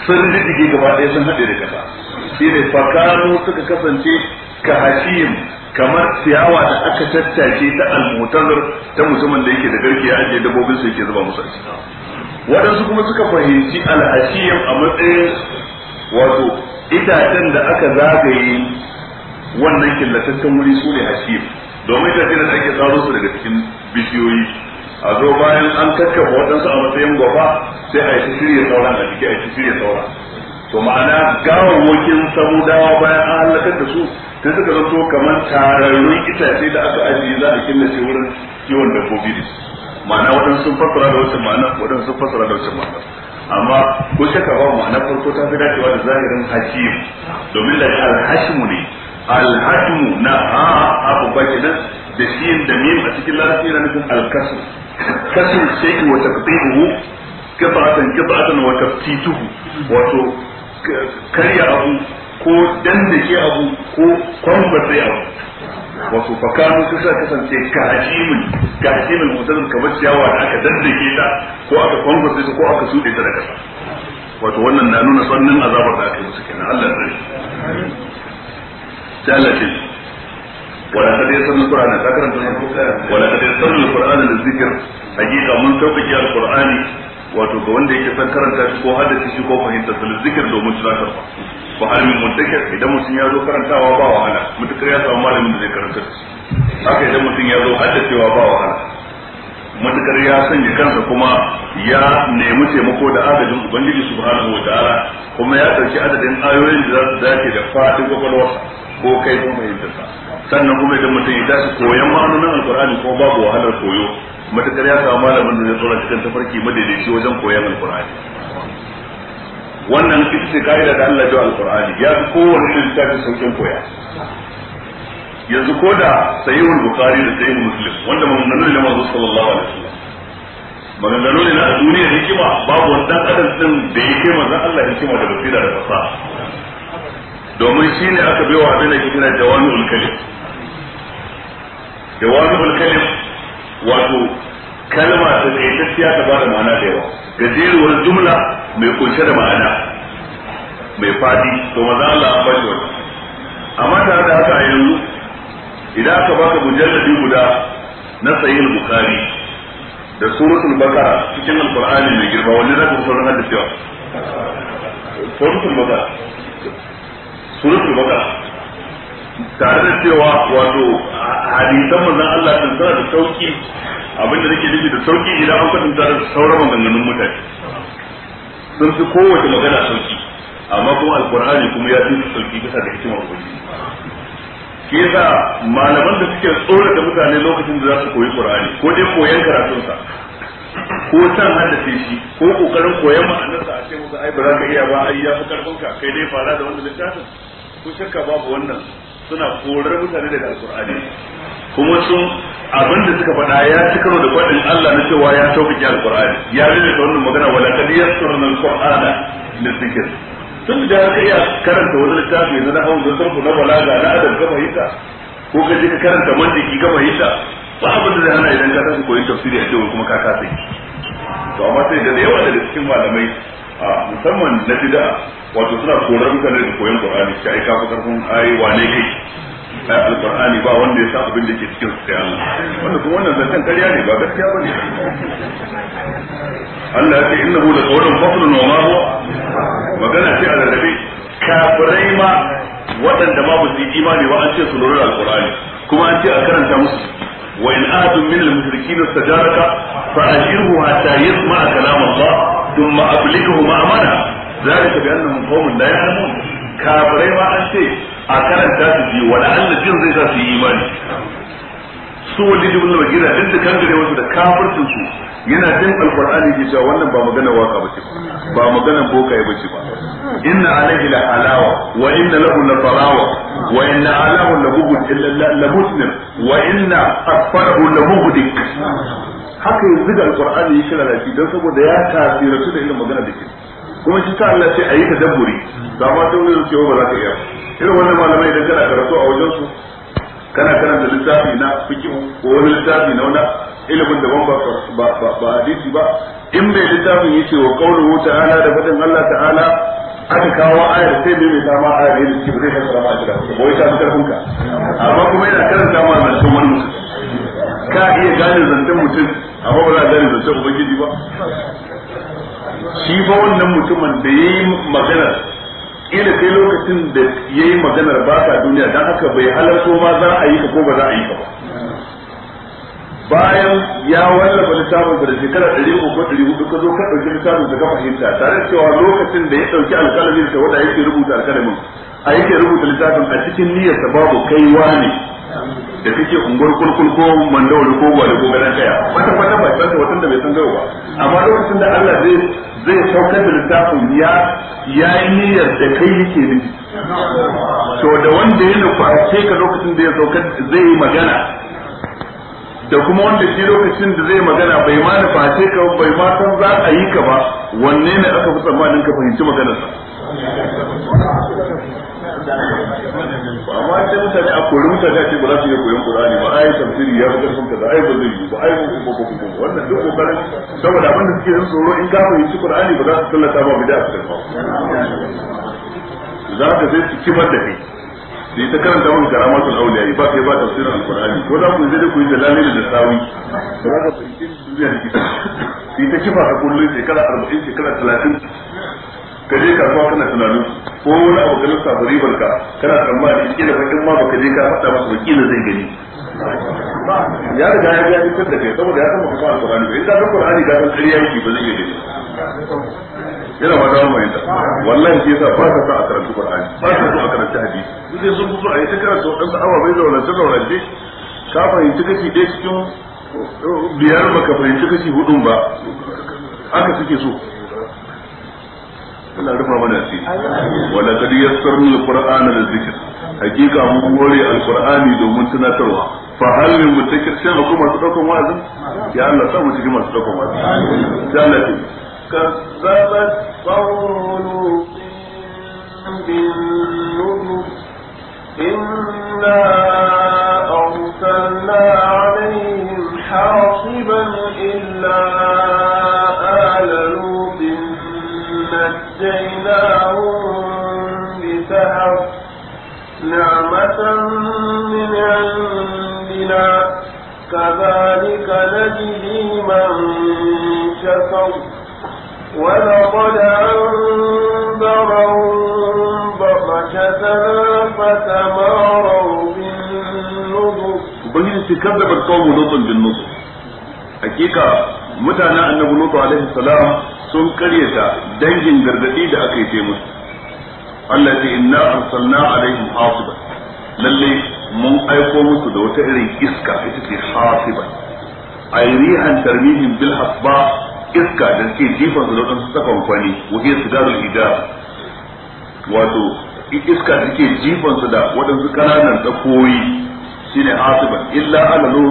sun riddige gaba ɗaya sun haɗe da ƙasa shi ne fakano suka kasance ka hashim kamar ciyawa da aka tattake ta almutazar ta mutumin da yake da garke ya ajiye dabbobin su yake zuba musu a ciki waɗansu kuma suka fahimci alhashiyam a matsayin wato itacen da aka zagaye wannan killataccen wuri su ne hashim domin itacen da ake tsaro su daga cikin bishiyoyi a zo bayan an kakkafa waɗansu a matsayin gwafa sai a yi ta shirya sauran a jiki a yi ta shirya sauran to ma'ana gawawakin samudawa bayan an halakar da su sai suka zato kamar tararrun itace da aka ajiye za a killace wurin kiwon dabbobi da ma'ana waɗansu sun fassara da wancan ma'ana waɗansu sun fassara da wancan ma'ana amma ko shaka ba ma'ana farko ta fi dacewa da zahirin hakim domin da alhashimu ne alhashimu na a abu bakinan da shi da mim a cikin lafiya na nufin alkasu kashin sheki wa takbihu kifatan kifatan wa taftituhu wato karya abu ko ke abu ko kwamfata abu Wato fakanu su sa kasance kajimin kajimin mutazin kamar ciyawa da aka dandake ta ko aka kwamfata ta ko aka sude ta da kasa wato wannan na nuna sannin azabar da aka yi musu kenan Allah ya rage wala kad yasanna alqur'ana ka karanta ne wala kad yasanna alqur'ana lizikr hakika mun sauƙaƙe alqur'ani wato ga wanda yake san karanta shi ko hadda shi ko fahimta sa zikir domin tunatar ba har min mutakir idan mutum ya zo karantawa ba wahala mutakar ya samu malamin da zai karanta haka idan mutum ya zo hadda cewa ba wahala matukar ya sanya kansa kuma ya nemi taimako da adadin ubangiji subhanahu wa ta'ala kuma ya ɗauki adadin ayoyin da za su dace da faɗin kwakwalwarsa ko kai ko mai yadda sannan kuma idan mutum ya tashi koyan ma'anonin alkur'ani ko babu wahalar koyo matakar ya samu malamin da ya tsora cikin tafarki madaidaici wajen koyan alkur'ani wannan ita ce ka'ida da Allah ya jawo alkur'ani ya fi kowane irin littafi saukin koya yanzu ko da sayyidul bukhari da sayyidul muslim wanda mamnanu ne manzo sallallahu alaihi wasallam maganganu ne na duniya hikima babu wani dan adam din da ya kai manzo Allah hikima da basira da fasaha domin shi ne aka bai wa abin da ke kira jawami'ul kalim jawami'ul kalim wato kalma ta ne ta siya ta bada ma'ana da yawa gajeruwar jumla mai kunshe da ma'ana mai fadi to maza Allah an bashi wani amma tare da haka a yanzu idan aka baka mujalladi guda na sahih bukhari da suratul bakara cikin alqur'ani mai girma wanda zaka fara da cewa suratul bakara suratul baka, tare da cewa wato hadisan manzon Allah sun tsara da sauki abinda nake nufi da sauki idan an kwatanta da sauran maganganun mutane sun fi kowace magana sauki amma kuma alkur'ani kuma ya fi sauki bisa da hikimar ubangiji Ke sa malaman da suke tsora da mutane lokacin da za su koyi qur'ani ko dai koyan karatunsa ko san sai shi ko kokarin koyan ma'anarsa a ce musu ai ba za ka iya ba ai ya fi karfin ka kai dai fara da wanda littafin ku shakka babu wannan suna korar mutane daga alkur'ani kuma sun abin da suka faɗa ya ci karo da faɗin Allah na cewa ya sauƙaƙe alkur'ani ya rage ta wannan magana wala kad alkur'ana na lizikr sun da ka iya karanta wani littafi na na da sarfu na balaga na adam gama ko ka je ka karanta mantiki gama fahimta ba abin da zai hana idan ka tafi koyi tafsiri a cewa kuma ka kasa to amma sai da yawa daga cikin malamai a musamman na bid'a wato suna korar mutane da koyon qur'ani shi ai kafa karfin ai wane kai ai alqur'ani ba wanda ya sa abin da ke cikin sai Allah wanda kuma wannan zancan ƙarya ne ba gaskiya ba ne. Allah ya ce innahu la qawlun fadlun wa ma huwa magana ce a rarrabe kafirai ma waɗanda ma ba su yi imani ba an ce su lura da alqur'ani kuma an ce a karanta musu wa in ahadun min al-mushrikeena istajaraka fa ajirhu hatta yasma'a kalam Allah ثم أبلغهم أمانة ذلك بأنهم قوم لا يعلمون كافرين ما أشتي أكلم تاسدي ولعل الجن زي تاسي إيماني su wanda ji wannan wakila din da kan gare wasu da kafircin yana jin alqur'ani ke cewa wannan ba magana waka bace ba ba magana bokaye bace ba inna alaihi la alawa wa inna lahu la wa inna illa wa inna haka ya zuga alkur'ani ya shirya lafi don saboda ya tasiratu da irin magana da ke kuma shi ta Allah yi ta dabburi. ba ma sai wani zai ba za ka iya irin wannan malamai idan kana karatu a wajen su kana karanta littafi na fikin ko wani littafi na wani ilimin daban ba ba hadisi ba in bai littafin ce wa qawluhu ta'ala da fadin Allah ta'ala aka kawo ayar sai bai mai sama ayar yadda suke bude ta sarama jira ba wai ta fi karfin ka amma kuma yana karanta ma na wani mutum ka iya gane zancen mutum amma ba za a gani zancen ubangiji ba shi ba wannan mutumin da ya yi maganar ila sai lokacin da ya yi maganar ba ta duniya don haka bai halarto ma za a yi ka ko ba za a yi ka ba bayan ya wallafa littafin da shekara ɗari uku ɗari hudu ka zo ka ɗauki littafin da ka fahimta tare da cewa lokacin da ya ɗauki alƙalamin sa wanda yake rubuta alƙalamin a yake rubuta littafin a cikin niyyarsa babu kaiwa ne da take ungur kulkul ko mandawari ko da ko garan kaya wata kwata ba ta wata da bai san gaba amma lokacin da Allah zai zai saukar da littafin ya ya yi niyyar da kai yake ne to da wanda ya nufa ka lokacin da ya saukar zai yi magana da kuma wanda shi lokacin da zai magana bai ma nufa sai ka bai ma san za a yi ka ba wanne ne aka fi tsammanin ka fahimci maganarsa amma ce mutane a kori mutane ce ba za su yi koyon Qur'ani ba ai tafsiri ya fi karfin kaza ai ba zai yi ba ai ba ba ba wannan duk kokarin saboda abin da suke yin tsoro in ka fahimci Qur'ani ba za su tallata ba bid'a ta ba za ka sai su kimar da kai da ita karanta mun karamatul auliya ba kai ba tafsirin alqur'ani ko za ku je ku yi dalalil da sawi ba za ka fahimci duniya da kita ita kifa ta kullun shekara 40 shekara 30 ka je kasuwa kana tunanin ko wani abu ganin sa ribar ka kana tsammani da kuma ma baka je ka fada masa wakilin zai gani ya riga ya yi fitar da kai saboda ya san baka san alqur'ani ba idan ka qur'ani ga san kariya yake ba zai gani yana ma dawo mai ta wallahi shi yasa ba ka sa a karanta qur'ani ba ka so a karanta hadisi duk sai sun fito a yi ta karanta wadansu ababai da wannan tsaka walance ka fahimci kashi ɗaya cikin biyar baka fahimci kashi hudun ba aka suke so Allah rufa mana asiri wa laqad yassarna al-qur'ana lidhikr hakika mun gore al-qur'ani domin tunatarwa fa hal min mutakir sai akwai masu daukan wa'azi ya Allah sa mu cikin masu daukan wa'azi ya Allah kazzabat qawlu بالنذر إنا أرسلنا عليهم حاصبا إلا ونجيناهم بسحر نعمة من عندنا كذلك نجزي من شكر ولقد أنذرهم بطشتنا فتماروا بالنذر ubangiji ce kan da barkawo lutsun bin nusu hakika mutanen annabi sun karyata dangin gargadi da aka yi ta musu Allah ce inna arsalna alaihim hasiba lalle mun aiko musu da wata irin iska ita ce hasiba ay rihan tarmihim bil hasba iska da ke jifan su da wadansu sakon kwani wuce su darul hijab wato iska da ke jifan su da wadansu kananan tsakoyi shine hasiban illa alalu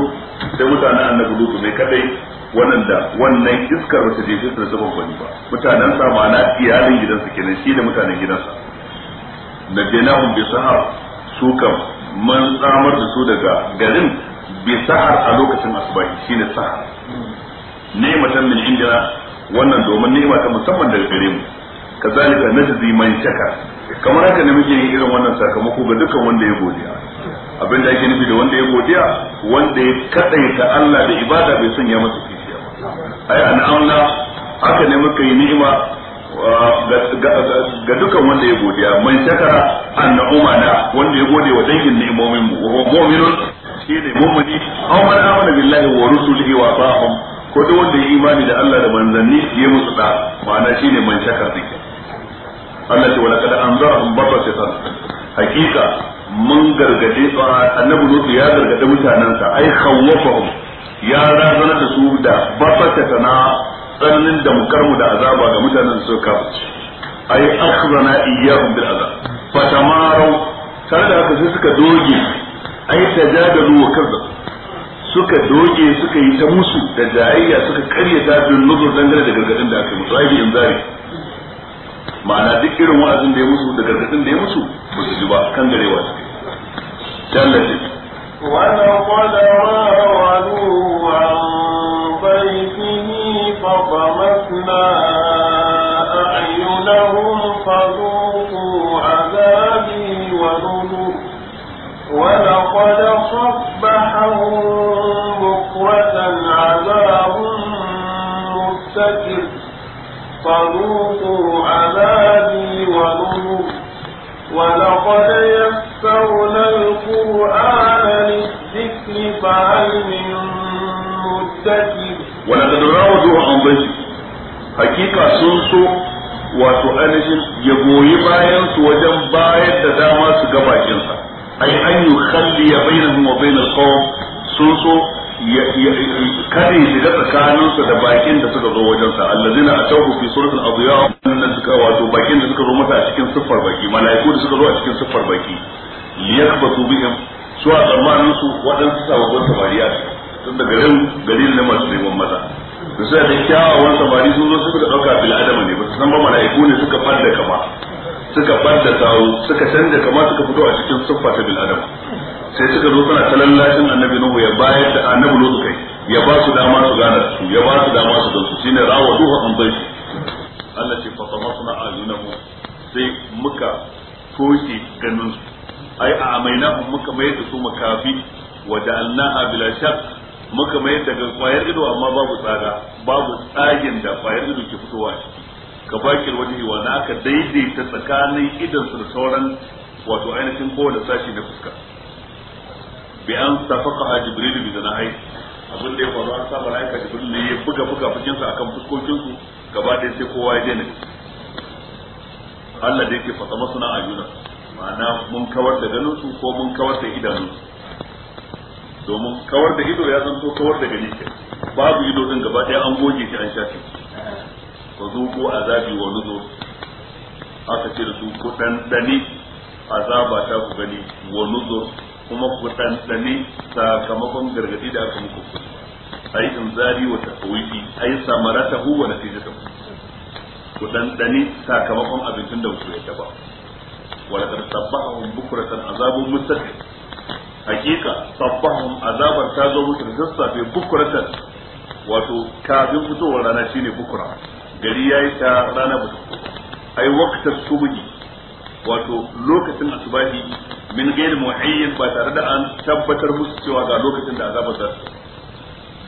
da mutanen annabi lutu mai kadai da wannan iskar ba ta jefe su da sabon gwani ba mutanen sa ma'ana iyalin gidansa kenan shi da mutanen gidansa na jenahun bi sahar su kam man tsamar da su daga garin bi sahar a lokacin asubahi ne sahar mutan min indina wannan domin nema ta musamman daga gare mu kazalika najzi man shaka kamar haka ne muke yin irin wannan sakamako ga dukkan wanda ya godiya abin da ake nufi da wanda ya godiya wanda ya kadaita Allah da ibada bai sanya masa ai auna haka ne muka yi ni'ima ga dukan wanda ya godiya mai shakara an na wanda ya gode wa dangin ni'imomin mu wa mu'minun shi ne mu'mini aw man amana billahi wa rusulihi wa sahum ko duk wanda ya imani da Allah da manzanni ya musu da ma'ana ne mai shakara dake Allah ce wa laqad anzarahum batasatan hakika mun gargade annabi Nuhu ya gargade mutanansa ai khawwafahum ya razana da su da bafata na tsananin da mukarmu da azaba ga mutanen su ka ai akhzana iyyahum bil azab fatamaru tare da haka sai suka doge ai tajadalu wa kazzab suka doge suka yi ta musu da jayayya suka karyata bin nuzur dangane da gargadin da aka musu ai bi zari ma'ana duk irin wa'azin da ya musu da gargadin da ya musu ba su ji ba kan garewa su tallace ولقد راودوه فهل من مدكر ولقد راودوه عن ضيفه حقيقة سنسو wato ainihin ya goyi bayan su wajen bayar da dama su ga bakinsa ai an yi kalli ya bainahum wa bainal qawm sun so kare shiga tsakaninsa da bakin da suka zo wajensa allazina atawhu fi suratul adiya wannan suka wato bakin da suka zo masa a cikin siffar baki malaiku da suka zo a cikin siffar baki liyakbatu bihim su a tsammanin su waɗansu sababbin samariya tun da garin garin na masu neman maza da sai da kyawawan samari sun zo suka ɗauka bil adama ne ba su san ba mala'iku ne suka fadda kama suka fadda tawo suka canza kama suka fito a cikin siffa ta bil adama sai suka zo suna talallashin annabi nuhu ya bayar da annabi nuhu kai ya ba su dama su gane su ya ba su dama su gansu shine rawa duhu an bai Allah ce fa suna alunahu sai muka toshe ganin su ai a amainahum muka mayar da su makafi wa ja'alnaha bila shak muka mayar da kwayar ido amma babu tsaga babu tsagen da kwayar ido ke fitowa ka bakir wajhi wa na aka daidaita tsakanin idan su da sauran wato ainihin kowane sashi na fuska bi an safaka jibril bi zanahai abin da ya faru an saba laika jibril ne ya buga buga fikin sa akan fuskokin su gaba ɗaya sai kowa ya daina Allah da yake fata masana a Yunus ma'ana mun kawar da ganin su ko mun kawar da idanun su domin kawar da ido ya zanto kawar da gani ke babu ido din gaba ɗaya an goge shi an shafe ku ko azabi wa nuzur aka ce da su dan dani azaba ta ku gani wa nuzur kuma ku ɗanɗani sakamakon gargadi da aka muku ai zari wa tafawiki ai na wa da ku ɗanɗani sakamakon abincin da ku ya ba Wala ولقد صبحهم بكرة عذاب مستقر حقيقة صبحهم عذاب تازو متنسسة في بكرة wato kafin fitowar rana shine bukura gari ya yi ta rana ba ai waqtar subhi wato lokacin asubahi min ghairi mu'ayyan ba tare da an tabbatar musu cewa ga lokacin da azaba za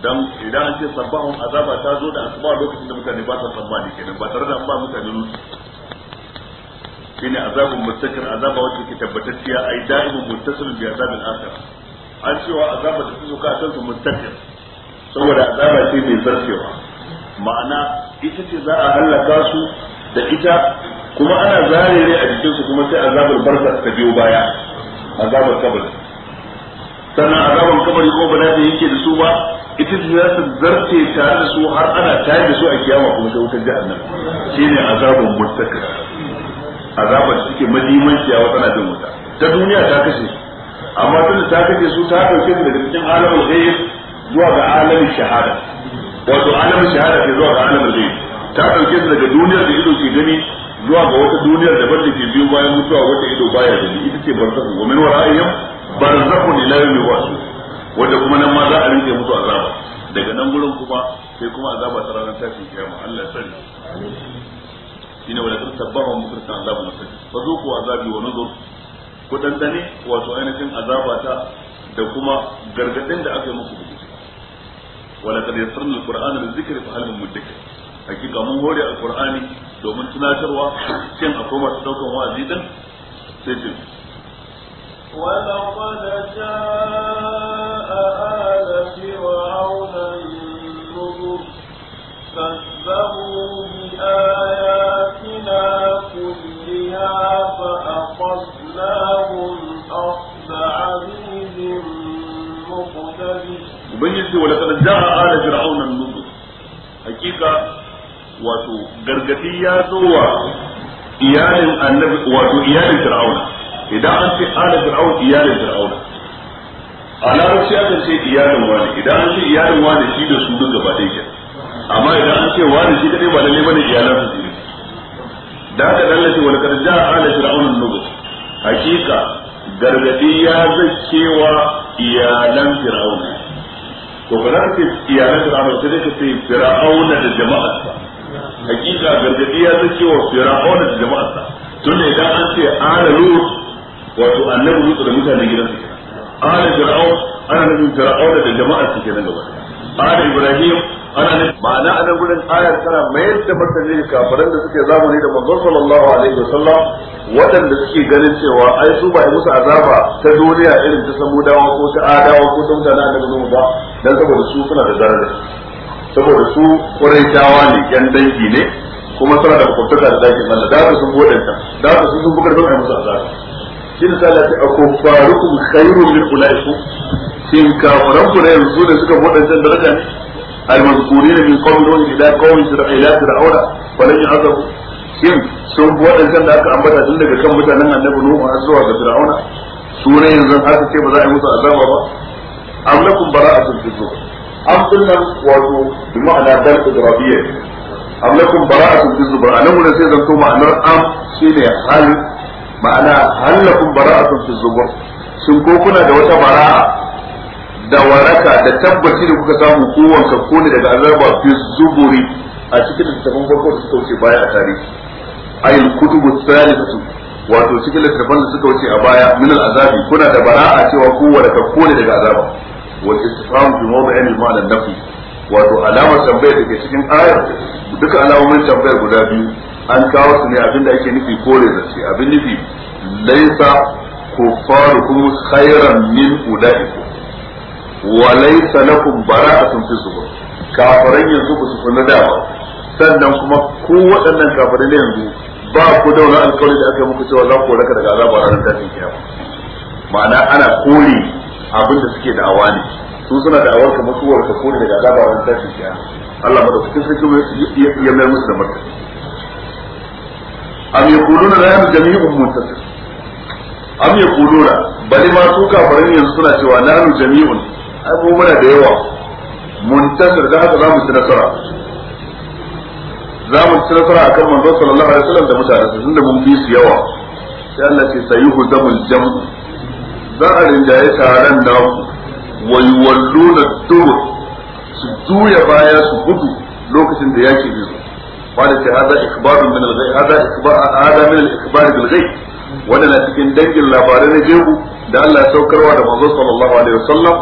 dan idan an ce sabahun azaba ta zo da asuba lokacin da mutane ba su tsammani kenan ba tare da an ba mutane nutsu shine azabun mustakir azaba wacce ke tabbatacciya ai da'imun muttasilun bi azabil akhir an cewa azaba da take ka su mustakir saboda azaba ce mai zarcewa ma'ana ita ce za a halaka su da ita kuma ana zarere a jikin su kuma sai azabar barza ta biyo baya azabar kabari sannan azabar kabari ko bala da yake da su ba ita ce za su zarce tare da su har ana tayar da su a kiyama kuma sai wutar jahannam shine azabun mustakir azabar da suke madimanciya wata na jin wuta ta duniya ta kashe su amma tunda ta kashe su ta dauke su daga cikin alamul ghaib zuwa ga alamin shahada wato alamin shahada ke zuwa ga alamin zai ta dauke su daga duniyar da ido ke gani zuwa ga wata duniyar da ban da ke biyu bayan mutuwa wata ido baya gani ita ce barzakhu wa min wara'ihim barzakhun ila mai wasu wanda kuma nan ma za a rinke mutu azaba daga nan gurin kuma sai kuma azaba ta ranar tashin kiyama Allah ya sani shine wala kun tabbahu mukrisan azabun ba zo kuwa azabi wa nuzur ku wato ainihin azabata da kuma gargadin da aka yi muku biki wala kad yasarna alqur'ana lizikri fa hal min mudakkir hakika mun hore Alƙur'ani domin tunatarwa a koma su ɗaukan wa'azi din sai ce ولقد جاء آل فرعون كذبوا بآياتنا كلها فأخذناهم أخذ عزيز مقتدر بنجد wato gargadi ya zo wa iyalin annabi wato iyalin fir'auna idan an ce ala fir'aun iyalin fir'auna a larabci akan ce iyalin wani idan an ce iyalin wani shi da su duk gaba ɗaya amma idan an ce wani shi kadai ba lalle bane iyalan su da haka dan lalle wal karja ala fir'aun an-nubus hakika gargadi ya zakewa iyalan fir'aun to ba za ce iyalan fir'aun sai dai ce fir'aun da jama'ar sa. hakika gargadi ya zakewa fir'aun da tun tunda idan an ce ala lut wato annabi lut da mutanen gidansa ala fir'aun ana nufin fir'aun da jama'ar jama'arsa kenan gaba ala ibrahim ma'ana a nan gudun ayar tana mayar da martani da kafiran da suke zamani da manzon sallallahu alaihi wasallam waɗanda suke ganin cewa ai su ba musu azaba ta duniya irin ta dawa ko ta adawa ko ta mutane annabi nuhu ba dan saboda su suna da zarar saboda su ƙuraitawa ne yan dangi ne kuma suna da kwakwata da zaki Allah da su sun buɗanta da su sun bukar zama musu azaba shi da sallah ta akufarukum khairun min ulaikum shin kafiran ku ne yanzu ne suka bodanta daraja ne المذكورين من قوم نوح إلى قوم إلى فرعون فلن يعذبوا shin sun bi waɗancan da aka ambata tun daga kan mutanen annabi Nuhu har zuwa ga Fir'auna su ne yanzu haka ce ba za a yi musu azaba ba am lakum bara'atun fi zur am dinnan wato bi ma'ana dal idrabiyya am lakum bara'atun fi zur anan mun sai zanto ma'anar am shine hal ma'ana hal lakum bara'atun fi zur sun ko kuna da wata bara'a da waraka da tabbaci da kuka samu kowan ka kone daga azaba fi zuburi a cikin littafin farko da suka wuce baya a tarihi ayil kutubu thalithatu wato cikin littafin da suka wuce a baya min azabi kuna da bara'a cewa ku waraka kone daga azaba wal istifham bi mawdi'in al-ma'na nafi wato alamar tambayar da ke cikin ayar duka alamomin tambayar guda biyu an kawo su ne abin da ake nufi kore da shi abin nufi laisa kufarukum khairan min ulaikum wa laysa lakum bara'atun fi zubur kafiran yanzu ba su kunna da ba sannan kuma ku waɗannan kafirai ne yanzu ba ku da wani alƙawari da aka muku cewa za ku raka daga azaba ranar tashin kiyama ma'ana ana kore abin da suke da'awa ne su suna da'awar kamar su warka kore daga azaba ranar tashin kiyama Allah madaukakin sarki ya mai musu da martani am yaquluna la yam jami'un muntasir am yaquluna bali ma su kafirin yanzu suna cewa nanu jami'un abu muna da yawa mun muntasir da haka zamu ci nasara zamu ci nasara akan manzo sallallahu alaihi wasallam da mutane su tunda mun bi su yawa sai Allah ce sayuhu zamul jam'u za a rinjaye taron da wa yuwalluna dubur su juya baya su gudu lokacin da yake bizo wanda ce hada ikbaru min al-ghaib hada ikbaru hada min al-ikbar bil ghaib wanda na cikin dangin labarai na jebu da Allah ya saukarwa da manzo sallallahu alaihi wasallam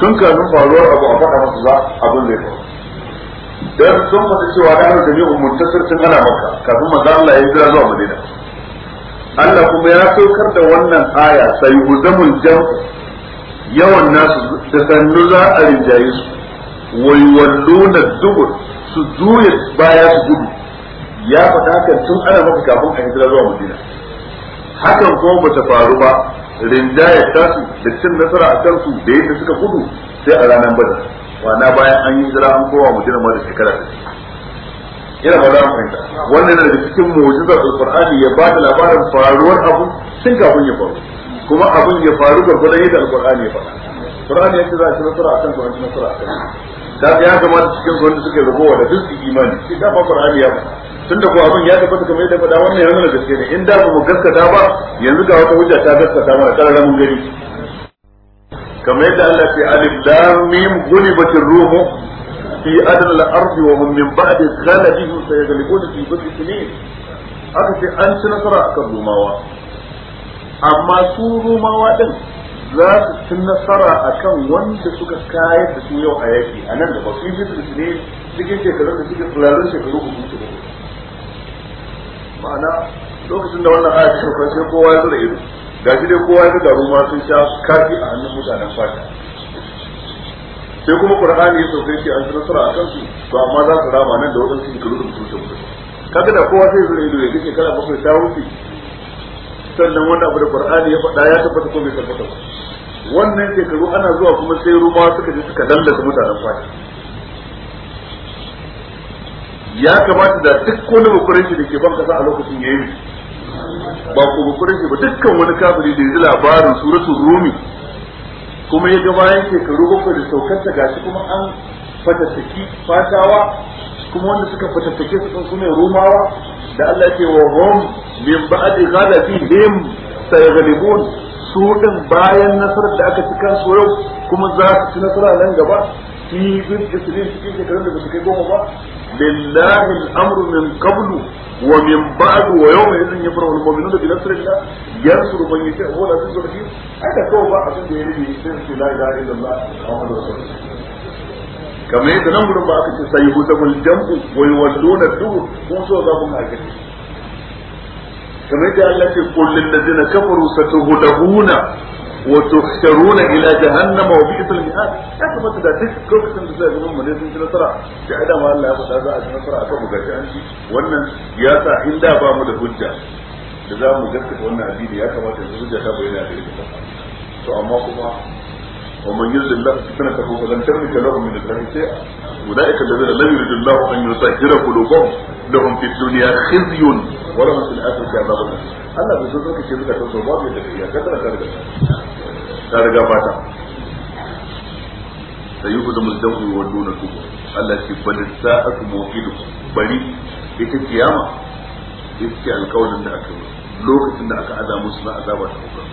tun kafin faruwar abu a faɗa masu za abin zai faru dan sun faɗi cewa da haka jami'u muntasir tun ana maka kafin maza Allah ya jira zuwa Madina Allah kuma ya saukar da wannan aya sai hudamul jam'u yawan nasu da sannu za a rinjaye su wai walluna dubur su juya baya su gudu ya faɗa haka tun ana maka kafin a hijira zuwa Madina hakan ba ta faru ba rinjaye su da cin nasara a kansu da yadda suka gudu sai a ranar bada wana bayan an yi zira an kowa madina ma da shekara ta ina ba za mu fahimta wannan yana daga cikin mu'jizar alqur'ani ya ba da labarin faruwar abu sun kafin ya faru kuma abin ya faru gwargwadon yadda alqur'ani ya faru. qur'ani ya ce za a ci nasara a kansu an ci nasara a kansu da ya kamata cikin su wanda suke rabuwa da duk imani shi da ba qur'ani ya ba. tun da ko abin ya tabbata kamar yadda faɗa wannan ya nuna gaske ne in da ba mu gaskata ba yanzu ga wata hujja ta gaskata mana karara mun gani kamar yadda Allah ya alif lam mim gulibatir ruh fi adna al-ard wa hum min ba'di ghalabihim sayaghlibuna fi bid'i sinin Haka ce an ci nasara akan rumawa amma su rumawa din za su ci nasara akan wanda suka kayar da su yau a yaki a nan da ba su yi bid'i sinin cikin shekarun da suke tsirarin shekaru hukunci hudu ma'ana lokacin da wannan aya ta sauka sai kowa ya zura ido ga shi dai kowa ya ga garu ma sun sha kafi a hannun mutanen fata sai kuma qur'ani ya sauke shi an ji nasara a kansu to amma za su rama nan da wadansu shekaru da mutum kaga da kowa sai zura ido ya ga shekara bakwai ta wuce sannan wannan abu da qur'ani ya faɗa ya tabbata ko bai tabbata ba wannan shekaru ana zuwa kuma sai ruwa suka je suka lallata mutanen fata ya kamata da duk wani bakwai shi da ke ban kasa a lokacin ya yi ba ko bakwai shi ba dukkan wani kafiri da ya labarin suratun rumi kuma ya ga bayan shekaru bakwai da saukarta gashi kuma an fatattaki fatawa kuma wanda suka fatattake su su ne rumawa da Allah ke wa hum min ba'di him sayghalibun su din bayan nasarar da aka ci kansu yau kuma za su ci nasara nan gaba في بضع سنين cikin shekarun da basu kai goma ba lillahi al-amru min qablu wa min ba'du wa yawma idhin yafrahu al-mu'minuna bi nasrillah yansuru man yasha wa la yusrifu fi hada kawai ba abin da ya rubi sai ce la ilaha illallah muhammadu rasulullah kamar yadda nan gurin ba aka ce sai hudamul jambu wa yuwalluna dubur kun so za mun aikata kamar yadda Allah ce kullin ladina kafaru satuhuduna وتحشرون الى جهنم وبئس المهاد يا اخي متى ذا تسك كوكس من زي زمان ما نزل كده ترى في عدم قال له يا اخي ذا عشان ترى اكو مجاشي عندي وانا يا اخي عندها بامو لبجة لذا مجاشي وانا عديد يا اخي متى زوجة كابو هنا في الوقت سو اما كما ومن يرد الله فتنة كفوفة لن تملك لهم من الله شيئا أولئك الذين لم يرد الله أن يطهر قلوبهم لهم في الدنيا خزي ولهم في الآخرة عذاب أليم الله بيزودك كيف تكون صوابي لك يا كثرة كارثة ta riga fata sai yi kudu musdahu wa duna ku Allah ce bal sa'atu mawqidu bari ita kiyama ita alƙawarin da aka yi lokacin da aka aza musu na azaba ta hukum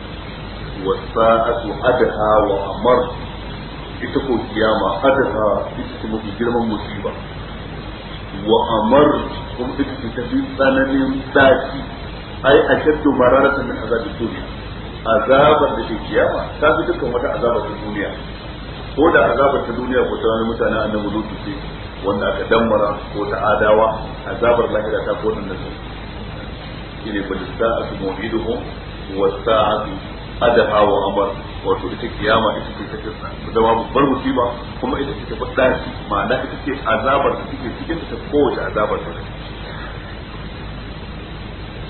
wa sa'atu adha wa amar ita ko kiyama hawa. ita ce mafi girman musiba wa amar kuma ita ce tafi tsananin zafi ai a shaddu mararatan min azabi duniya azabar da ke kiyama ta fi dukkan wata azabar ta duniya ko da azabar ta duniya ko ta wani mutane annabi lutu ce wanda aka dammara ko ta adawa azabar lahira ta ko nan su shine fa sa'atu mu'iduhum wa sa'atu adaha wa Amar. wato ita kiyama ita ce ta kisa zama babbar musiba kuma ita ce ta fadaci ma'ana ita ce azabar da take cikin ta kowace azabar ta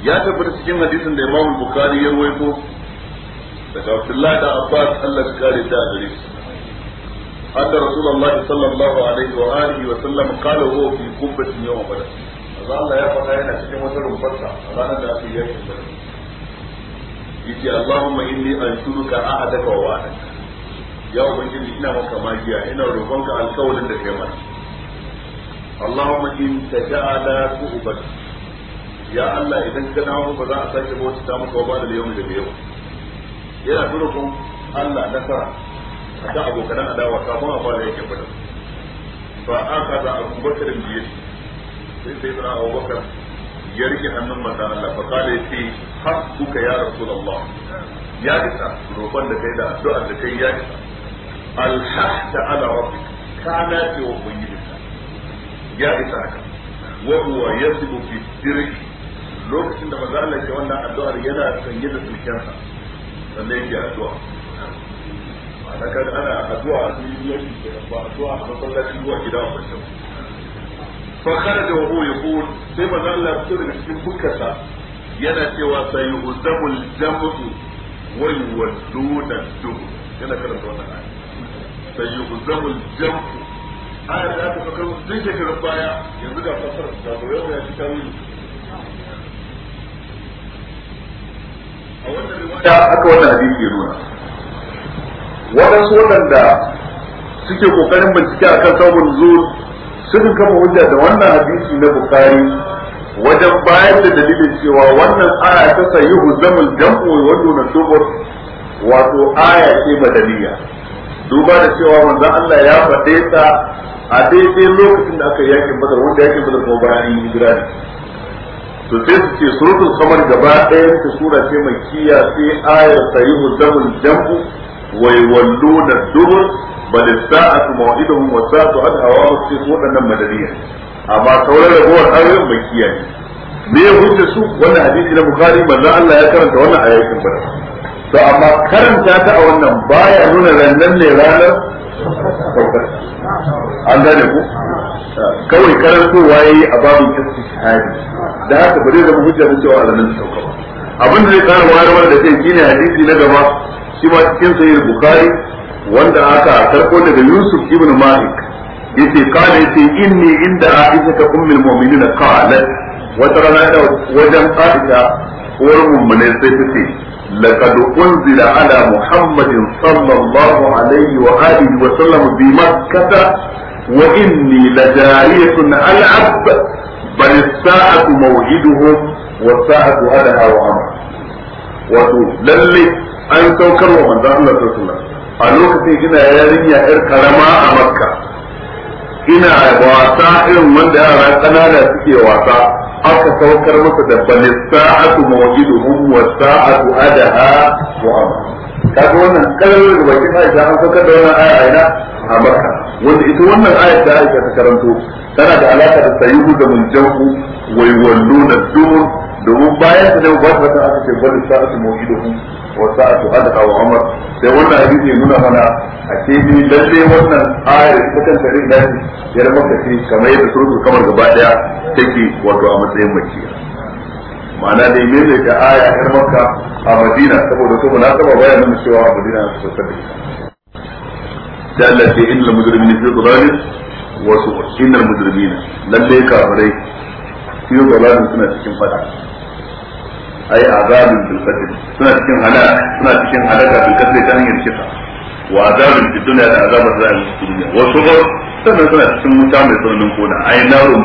ya tabbata cikin hadisin da Imam Bukhari ya rawaito daga Abdullahi da Abbas Allah ya kare ta gare shi hadda Rasulullahi sallallahu alaihi wa alihi wa sallam qala huwa fi qubbatin yawm badr azza Allah ya faɗa yana cikin wata rumfarsa ranar da aka yi yakin badr yace Allahumma inni anshuruka ahadaka wa wa'adaka ya ubangiji ina maka magiya ina roƙonka alƙawarin da kai mana Allahumma in taja'ala tu'bat ya Allah idan ka dawo ba za a sake bauta maka ba da yau da yau yana turukun Allah nasara a kan abokan adawa kafin a fara yake fada ba a kaza abubakar biye sai sai zana abubakar ya rike hannun manzan Allah fa kala yace hasbuka ya rasulullah ya isa roƙon da kai da addu'ar da kai ya isa ta ala rabbika kana ce wa ubangijinka ya isa haka wa huwa yasibu fi dirki lokacin da manzan Allah ke wannan addu'ar yana sanye da sulkensa sannan yake addu'a ana kan ana addu'a a cikin ke ba addu'a a masallaci zuwa gida a wancan fa kharaja wa ya yaqul sai ba zan ya fito daga cikin bukkarsa yana cewa sayuzdamul jamu wa yuwadduna dubur yana wannan jamu da ta fakar duk baya yanzu ga fasara da yau ya da aka wannan hadisi ya nuna waɗansu waɗanda suke kokarin bincike kan sabon zuwa sun kama hujja da wannan hadisi na bukari wajen bayar da dalilin cewa wannan aya ta sayi huzamul jam'u wa waduna dubur wato aya ce madaniya duba da cewa manzon Allah ya faɗe ta a daidai lokacin da aka yi yakin badar wanda yakin badar kuma bayan hijira ne to sai su ce suratul qamar gaba ɗayan ta sura ce mai kiya sai ayar sayyihu damul jam'u wa yawalluna dubur bal sa'atu maw'iduhum wa sa'atu adhawa sai waɗannan madaniya amma sauran ragowar ayoyin mai kiya ne me ya hujja su wannan hadisi na bukhari manzo Allah ya karanta wannan ayatin bara to amma karanta ta a wannan baya nuna rannan ne ranar an gane ku kawai karantowa ya yi a babin istihadi da haka ba zama hujja da cewa alamin sauka ba abin da zai kara wayarwa da kai shine hadisi na gaba shi ma cikin sahih bukhari wanda aka karko daga yusuf ibn malik yace kana yace inni inda aisha ka ummul mu'minina qalat wata rana wajen aisha uwar mummune sai ta ce لقد انزل على محمد صلى الله عليه واله وسلم بمكة واني لجارية العب بل الساعة موعدهم والساعة ادها وامر. وتو للي ان توكل ومن ذا الله صلى الله عليه وسلم. هنا يا رنيا الكرماء مكة. انا وعطاء من دار لا سكي وعطاء aka saukar masa da bal sa'atu mawjiduhum wa sa'atu adaha wa kaga wannan kallon da bakin Aisha an saukar da wannan aya ina a Makka wanda ita wannan aya da Aisha ta karanto tana da alaka da sayyuhu da munjahu wa yawalluna dubur domin bayan da ba ta aka ce bal sa'atu mawjiduhum wa sa'atu adaha wa amr sai wannan hadisi nuna mana a ce ni lalle wannan ayar ta kan tare da ya rama kace kamar yadda surutu kamar gaba daya take wato a matsayin mace ma'ana dai me ne ga aya har maka a madina saboda ko saba bayan nan cewa a madina ta saukar da ita da Allah ce innal mujrimina fi dhalalin wa su'ur innal mujrimina lalle bare fi dhalalin suna cikin fada ai azabin bil suna cikin halaka suna cikin halaka bil qatl ta hanyar kisa wa azabin fi dunya da azabar da Allah fi dunya wa shughur sannan suna cikin wuta mai tsananin kona ai narun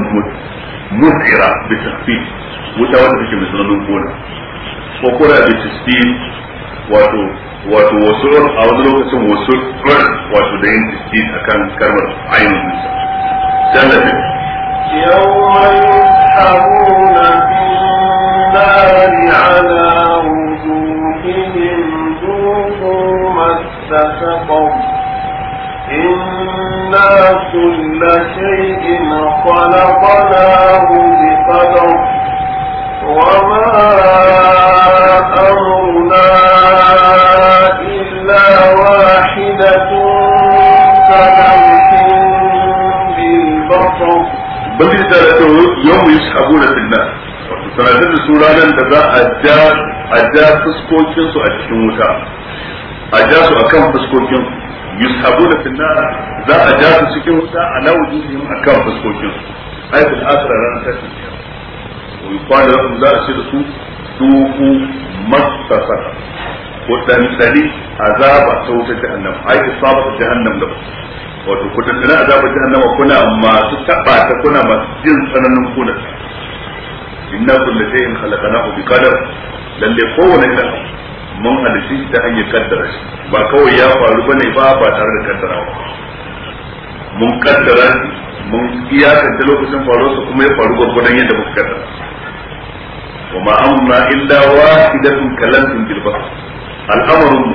musira bi tahfif wuta wanda take mai tsananin kona ko kora bi tasfif wato wato wasul a wani lokacin wasul wato da yin tasfif akan karmar ainihin sa jannatin yawma yushabuna fi إنا كل شيء خلقناه بقدر وما أمرنا إلا واحدة كلمح بالبصر بل إذا يوم يسحبون في الناس sanadar da su ranar da za a ja fuskokinsu a cikin wuta a ja su a kan fuskokinsu yushabuna fil nar za a ja cikin wuta ala wujuhihim akan fuskokin su ai bil akhira ran tashi wa yuqalu lahum za a ce da su duku masasa ko dan ta wuta jahannam ai isabatu kuna masu taba ta kuna masu jin tsananin kuna inna in shay'in khalaqnahu bi qadar lalle kowane irin mun halitta shi ta hanyar kaddara shi ba kawai ya faru bane ba ba tare da kaddara ba mun kaddara shi mun da lokacin su kuma ya faru gwargwadon yadda muka kaddara wa ma amma illa wahidatun kalantin bil bahr al'amarin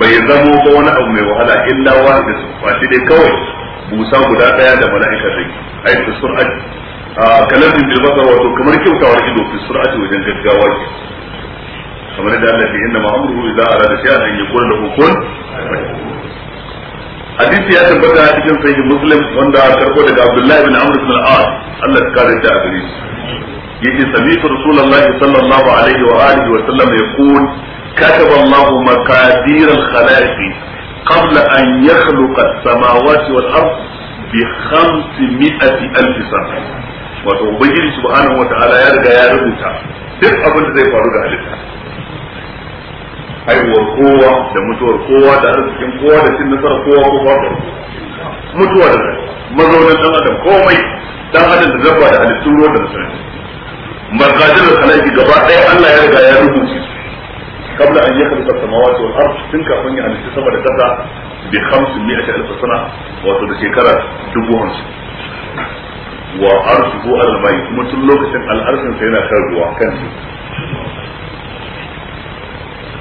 bai zamo ba wani abu mai wahala illa wahidatun ba shi dai kawai busa guda daya da mala'ika zai ai fi sur'ati ah, kalantin bil bahr wato kamar kyautawar ido fi sur'ati wajen gaggawa ke kamar da Allah ke inna ma'amuru idza arada shay'an an yakuna lahu kun hadisi ya tabbata a cikin sahih muslim wanda karbo daga Abdullahi bin Amr ibn al-As Allah ya kare ta a gare shi yace sami'tu rasulullahi sallallahu alaihi wa alihi wa sallam yaqul كتب الله مقادير الخلائق قبل أن يخلق السماوات والأرض بخمسمائة ألف سنة wato ubangiji subhanahu wataala ya riga ya rubuta duk abin da zai faru da halitta haihuwar kowa da mutuwar kowa da arzikin kowa da cin nasarar kowa ko ba mutuwa da mazaunin dan adam komai dan adam da zabba da halittun ruwa da nasarar markajin da halaki gaba ɗaya Allah ya riga ya rubuce su kabla an yakhluqa samawati wal ard tun kafin ya halitta sama da kasa bi 500 alf sana wato da shekara dubu hamsin wa arshu al mai kuma tun lokacin al arshin yana kan ruwa kan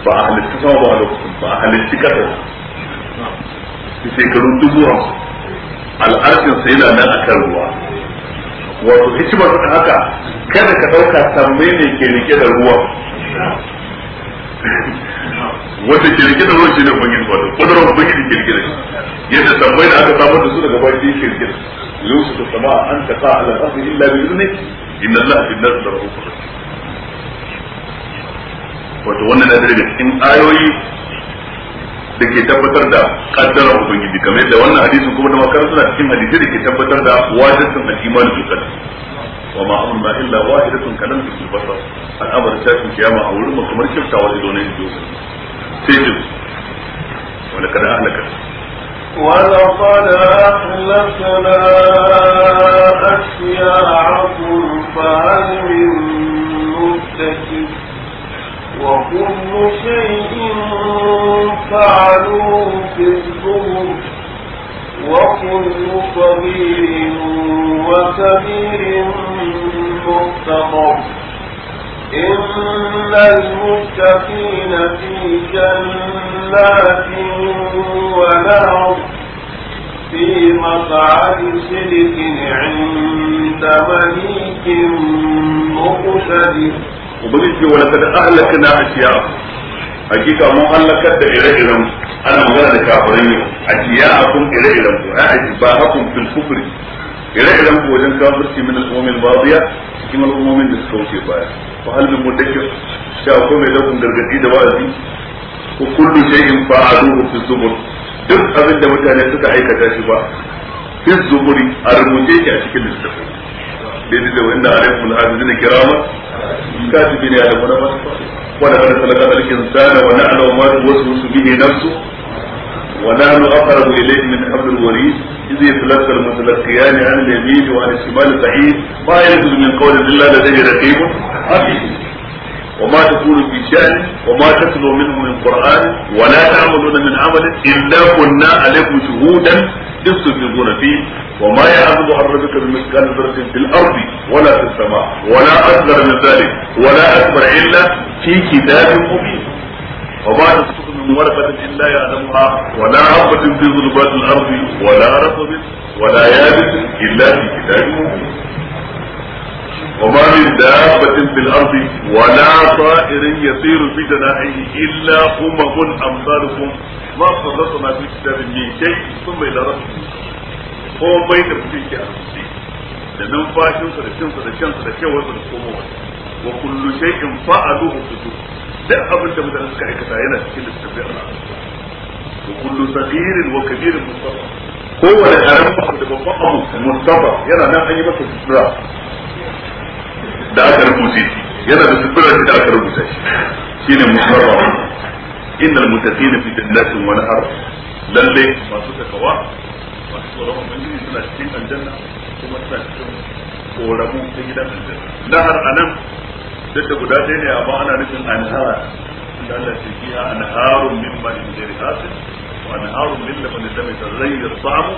ba a halitta sama ba a lokacin ba a halitta kasa shekaru dubu hamsin al'arkin sa yana nan a kan ruwa wato hikimar ta haka kada ka ɗauka samme ne ke rike da ruwa wanda ke rike da ruwa shi ne ubangiji wato kudurar ubangiji ke rike da shi yadda sammai da aka samar da su daga bayan shi ke rike da su yusuf sama an taqa ala rahmi illa bi idnik inna allaha bin nas la rahmatun wato wannan na daga cikin ayoyi da ke tabbatar da kaddara ubangiji kamar yadda wannan hadisin kuma da makarar suna cikin hadisi da ke tabbatar da wajibin al'imani da bil wa ma amruna illa wahidatun kalam fil basar al-amr tashin kiyama a wurin kamar kirta wani zo ne jiyo sai ji wala kada halaka ولقد أهلكنا أشياعكم فهل من وكل شيء فعلوه في الزبر وكل صغير وكبير مستقر إن المتقين في جنات ونار في مقعد صدق عند مليك مقتدر ubangiji ce wala kada na ashiya hakika mun halakar da ire-iren ana magana da kafirai ne ashiya akun ire-iren ku ai ba hakun fil kufri ire-iren ku wajen kafirci min al-ummin badiya cikin al-ummin da suka wuce baya fa hal min mudakkir sha ko mai daukan gargadi da wa'azi ko kullu shay'in fa'aluhu fi zubur duk abin da mutane suka aikata shi ba fi zuburi a rubuce shi a cikin littafin daidai da wanda alaikum al'azizina kirama katibi ne alamu na masu wanda kada talaka alkin sana wa na'ala wa ma wasu su bihe nafsu wa na'anu aqrabu ilayhi min hablil warid إذ يتلقى المتلقيان عن اليمين وعن الشمال بعيد ما يلفظ من قول إلا لديه رقيب حفيظ وما تكون في شأن وما تتلو منه من قرآن ولا تعملون من عمل إلا كنا عليكم شهودا إذ تفيضون فيه وما يعبد عن ربك من مثقال ذرة في الأرض ولا في السماء ولا أكبر من ذلك ولا أكبر إلا في كتاب مبين وما تسقط من ورقة إلا يعلمها ولا حبة في ظلمات الأرض ولا رطب ولا يابس إلا في كتاب مبين وما من دابة في الأرض ولا طائر يطير في جناحيه إلا أمم أمثالكم ما صدقنا في كتاب من شيء ثم إلى ربكم هو بين فيك أنفسي لمن فاشل فلشمس لشمس لشمس لشمس وكل شيء فعلوه في الدنيا da abin da mutane suka aikata yana cikin littafi a ko kullu sagir wa kabir mustafa ko wani karamin da babban abu mustafa yana nan da aka rubuce shi yana da sufura da aka rubuta shi shine musarra al muttaqina fi jannatin wa nahar lalle masu takawa masu tsoron ubangiji suna cikin aljanna kuma suna cikin koramu ta gidan aljanna nahar anan duk da guda ɗaya ne amma ana nufin anhar da Allah ta ce fiha anharun min ma'in ghairi وانهار من لبن لم يتغير طعمه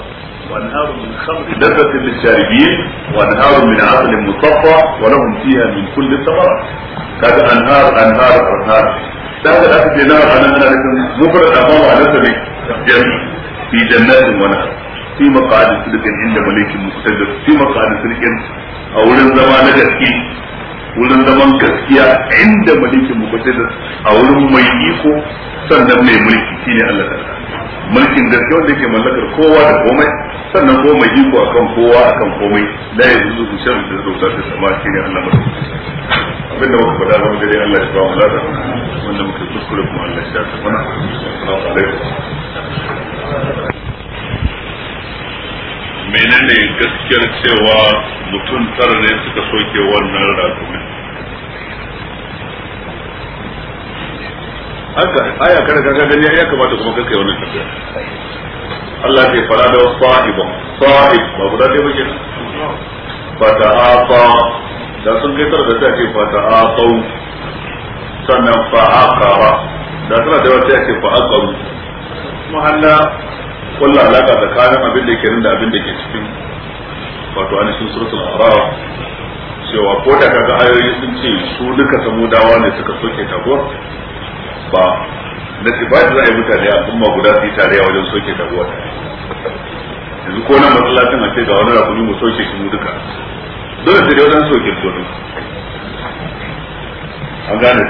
وانهار من خمر لذة للشاربين وانهار من عسل مصفى ولهم فيها من كل الثمرات هذا انهار انهار انهار هذا الاخر في نهر انا انا لكن مفرد امام على في جنات ونهر في مقعد سلك عند مليك مقتدر في مقعد سلك او زمان نجد wurin zaman gaskiya inda malikin muqtadir a wurin mai iko sannan mai mulki shine Allah ta'ala mulkin gaskiya wanda yake mallakar kowa da komai sannan kuma mai iko akan kowa akan komai la yuzu bi sharri da zuwa ta sama shine Allah ba abin da muka faɗa ba mu dare Allah ya ba mu lada wanda muka kuskure kuma Allah ya shafa mana assalamu alaikum menene gaskiyar cewa mutum tara ne suka soke wannan rakumin haka aya kada kaga gani ya kamata kuma kaka yi wannan tafiya Allah ke fara da sahiba sahib ba guda ɗaya ba kenan fata afa da sun kai tara da ta ce fata afau sannan fa fa'aqara da tana da ta ya fa fa'aqaru kuma Allah kulla alaka tsakanin abin da ke nan da abin da ke cikin wato ainihin suratul araf cewa ko da kaga ayoyi sun ce su duka samudawa ne suka soke taguwar ba na tibati za a yi mutane a kuma guda su yi a wajen soke taguwar yanzu ko na masallacin a ce ga wani rakumi mu soke shi mu duka dole sai dai wajen soke su an gane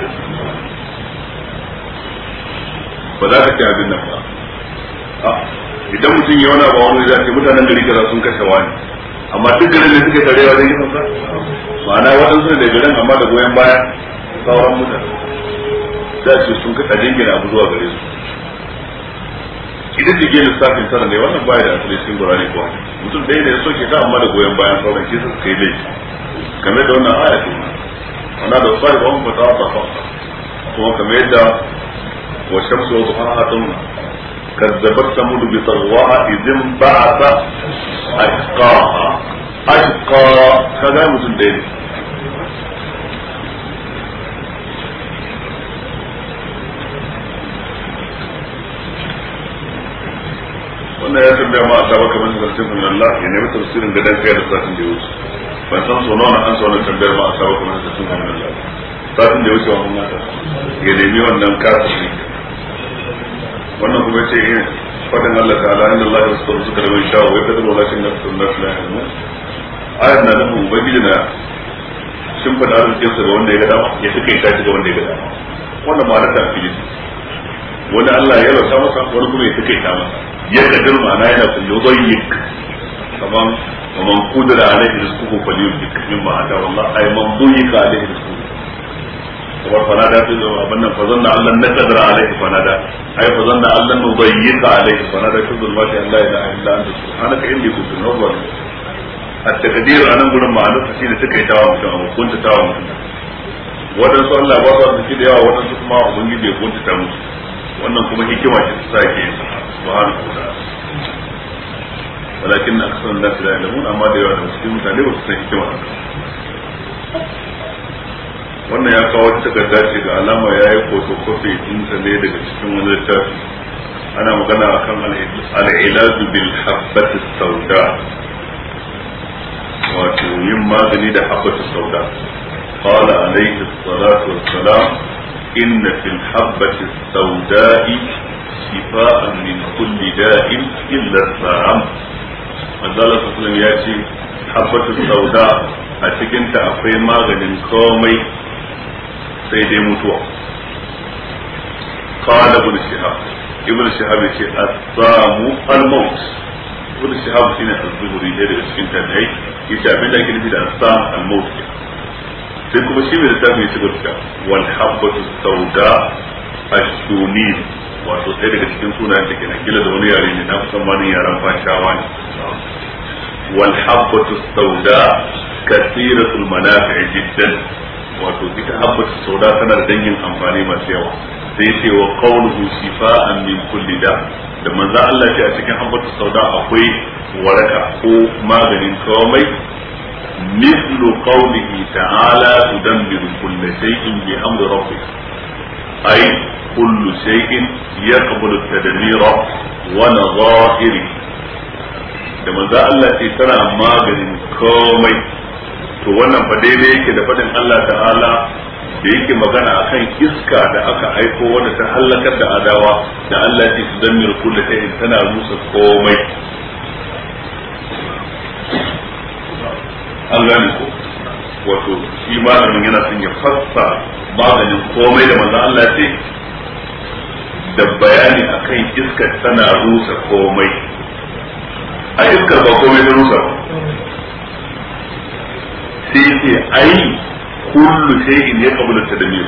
ba za ka ce abin nan ba idan mutum ya wani ba wani zafi mutanen gari kaza sun kashe wani amma duk garin da suke tarewa zai yi kansa ma'ana waɗansu da garin amma da goyon baya sauran mutane za su sun kaɗa dangina abu zuwa gare su idan jige lissafin tara ne wannan baya da asali sun ne kuwa mutum ɗaya da ya soke ta amma da goyon bayan sauran shi su kai laifi kamar da wannan aya Wani wannan da sai ba mu fata ba fa kuma kamar yadda wa shamsu wa duhaha tunna كذبت ثمود بطغواها إذ انبعث أشقاها أشقى wannan ya tambaya ma ta baka mun mun Allah ya nemi tafsirin da dan kai da satin da ban san an tambayar ma ta baka mun Allah satin da ya nemi wannan wannan kuma ce yin fadin Allah ta'ala inda Allah ya so suka sha wa kada Allah shin da sun nasu la ayat na nufin ubangiji na shin fada arzikin sa ga wanda ya ga dama ya suka yi tashi ga wanda ya ga dama wannan ma'ana fili wani Allah ya rasa masa wani kuma ya suka yi ta masa ya kadir na yana kullu dayyik kaman kaman kudura alaihi rizquhu falyumtik mimma ata wallahi ay man duyika alaihi rizquhu kamar fanada sai da abin nan fazon da Allah na kadara alaihi fanada ai fazon da Allah na bayyana alaihi fanada shi zulma shi Allah ya ilaha illa anta subhanaka inni kuntu nawwar at-taqdir anan gurin ma'ana shi ne take tawa mutum amma kunta tawa mutum wadansu Allah ba su da yawa wadansu kuma ubangiji ya kunta ta mutum wannan kuma hikima ce ta sake subhanahu wa walakin aksarun da su da yalamun amma da yawa da su mutane ba su san hikima wannan ya kawo wata takarda ce ga alama ya yi fotokofi ɗinsa ne daga cikin wani littafi ana magana a kan al'iladu bil habbatu sauda wato yin magani da habbatu sauda قال عليه الصلاة والسلام إن في الحبة السوداء شفاء من كل داء إلا السرم manzala sassanin ya ce habbatu sauda a cikinta akwai maganin komai sai dai mutuwa قال ابن شهاب ابن شهاب يقول الصام الموت ابن شهاب شنو الزهري ده daga cikin tabi'ai yace abin da ake nufi da asam al-maut sai kuma shi mai littafin ya shigar ta wal habbatu sauda ash-shumil wato sai daga cikin sunayen da kenan kila da wani yare ne na kusan ma yaran fashawa ne wal habbatu sauda kathiratul manafi'i jiddan wato ita habbatu sauda tana da dangin amfani masu yawa sai ce wa qawluhu shifa'an min kulli da da manzo Allah ce a cikin habbatu sauda akwai waraka ko maganin komai مثل قوله تعالى تدمر كل شيء بأمر ربك أي كل شيء يقبل التدمير ونظائره da manzo Allah ce tana maganin komai to wannan fa daidai yake da faɗin Allah ta'ala da yake magana akan iska da aka aiko wanda ta halakar da adawa da Allah ya su dammir kullu shay'in tana rusa komai an gane ko wato shi malamin yana son ya fassa maganin komai da manzo Allah ya ce da bayani akan iska tana rusa komai a iskar ba komai ta rusa ba sai yace ai kullu shay'in yaqbulu tadmir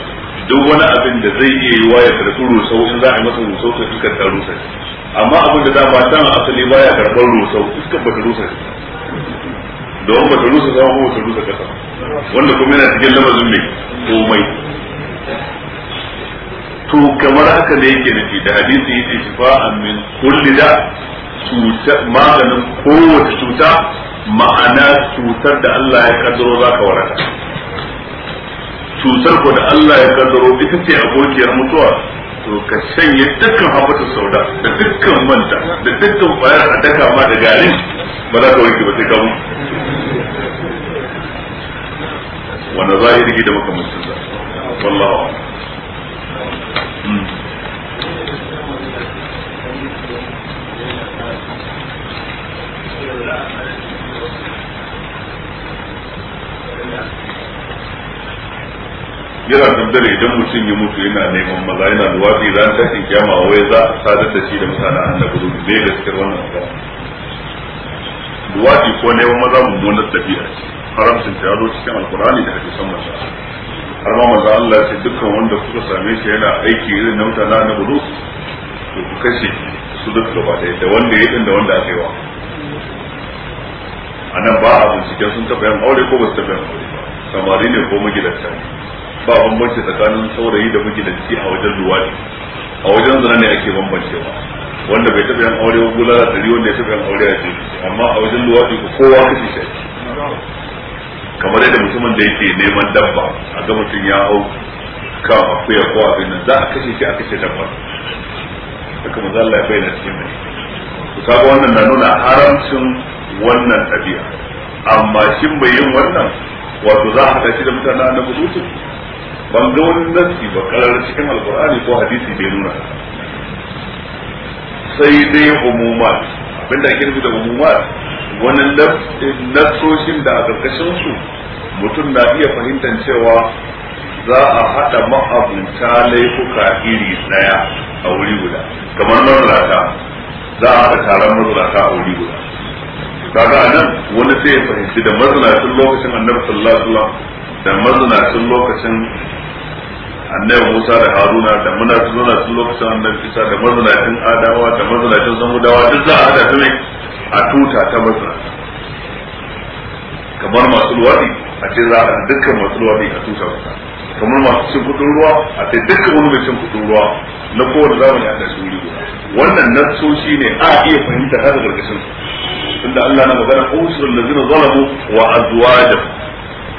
duk wani abin da zai iya yi wa ya karɓi rusau in za a yi masa rusau ta iskar ta rusa amma abin da dama dan asali baya karɓar rusau iskar ba ta rusa don ba ta rusa sama ko ba ta rusa kasa wanda kuma yana cikin lamarin mai komai to kamar haka da yake nufi da hadisi yake shifa'an min kulli da cuta maganin kowace cuta ma'ana cutar da Allah ya kaddaro za ka waraka cutar ko da Allah ya kaddaro ita ce abokiyar mutuwa to ka sanya dukkan hafata sauda da dukkan manta da dukkan bayar a daka ma da garin ba za ka wanke ba sai ka za wanda yi da makamancin sa wallawa Thank you. yana tabbare idan mutum ya mutu yana neman maza yana luwafi ran tashin kyama wai za a sadar da shi da mutanen annabi duk bai gaskiyar wannan ba luwafi ko neman maza mummunar tafiya ce haramcin ta yaro cikin alkurani da hadisan masa har ma maza Allah ce dukkan wanda kuka same shi yana aiki irin na mutanen annabi to ku kashe su duk gaba da wanda ya yi da wanda aka yi wa Anan ba a bincike sun taɓa yin aure ko ba su taɓa yin aure ba samari ne ko magidanta ba bambanci tsakanin saurayi da magidanci a wajen luwadi a wajen zina ne ake bambancewa wanda bai taɓa yin aure ba da riwon wanda ya taɓa yin aure a ce amma a wajen luwadi ko kowa kashi shi kamar yadda mutumin da yake neman dabba a ga mutum ya hau ka akuya ko abin nan za a kashe shi a kashe dabba haka mazalla ya bayyana cikin mai Ku kaga wannan na nuna haramcin wannan tabi'a amma shin bai yin wannan wato za a haɗa shi da mutanen na Yusuf ban ga wani nassi ba karar cikin alkur'ani ko hadisi bai nuna sai dai umumat da ake nufi da umumat wani nassoshin da a karkashin su mutum na iya fahimtar cewa za a haɗa ma'abunta laifuka iri ɗaya a wuri guda kamar mazurata za a haɗa taron mazurata a wuri guda kaga anan wani sai ya fahimci da mazinacin lokacin annabi sallallahu alaihi wasallam da mazinacin lokacin annabi Musa da Haruna da mazinacin lokacin annabi Isa da mazinacin Adawa da mazinacin Samudawa duk za a hada su ne a tuta ta mazina kamar masu luwadi a ce za a dukkan masu luwadi a tuta masa kamar masu cin kudin ruwa a ce dukkan wani mai cin kudin ruwa na kowane zamani a tashi wuri guda wannan shi ne a iya fahimta da karkashin su tunda Allah na magana usul lazina zalamu wa azwajahum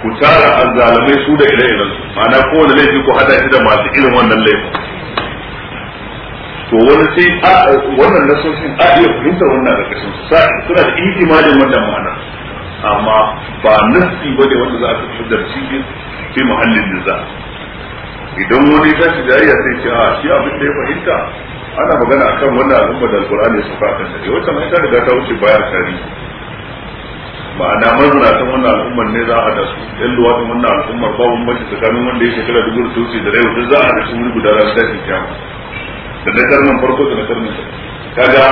ku tara azzalamai su da ire-iren ma'ana kowane laifi ku hada shi da masu irin wannan laifin to wani sai wannan nasosin a iya fahimtar wannan da kashin su suna da ihtimalin wannan ma'ana amma ba nasi ba ne wanda za a tafi da shi fi muhallin da za idan wani ya tashi jariya sai ce a ah, shi abin da ya fahimta ana magana akan wannan al'umma da alqur'ani ya a kan sai wata mai ta riga ta wuce baya tari ma'ana ta wannan al'ummar ne za a da su yan luwaɗin wannan al'ummar babu mace tsakanin wanda ya shekara dubu da tutsi da raiwa duk za a da su wuri guda ranar tashin kiyama da na karnin farko da na karnin kaga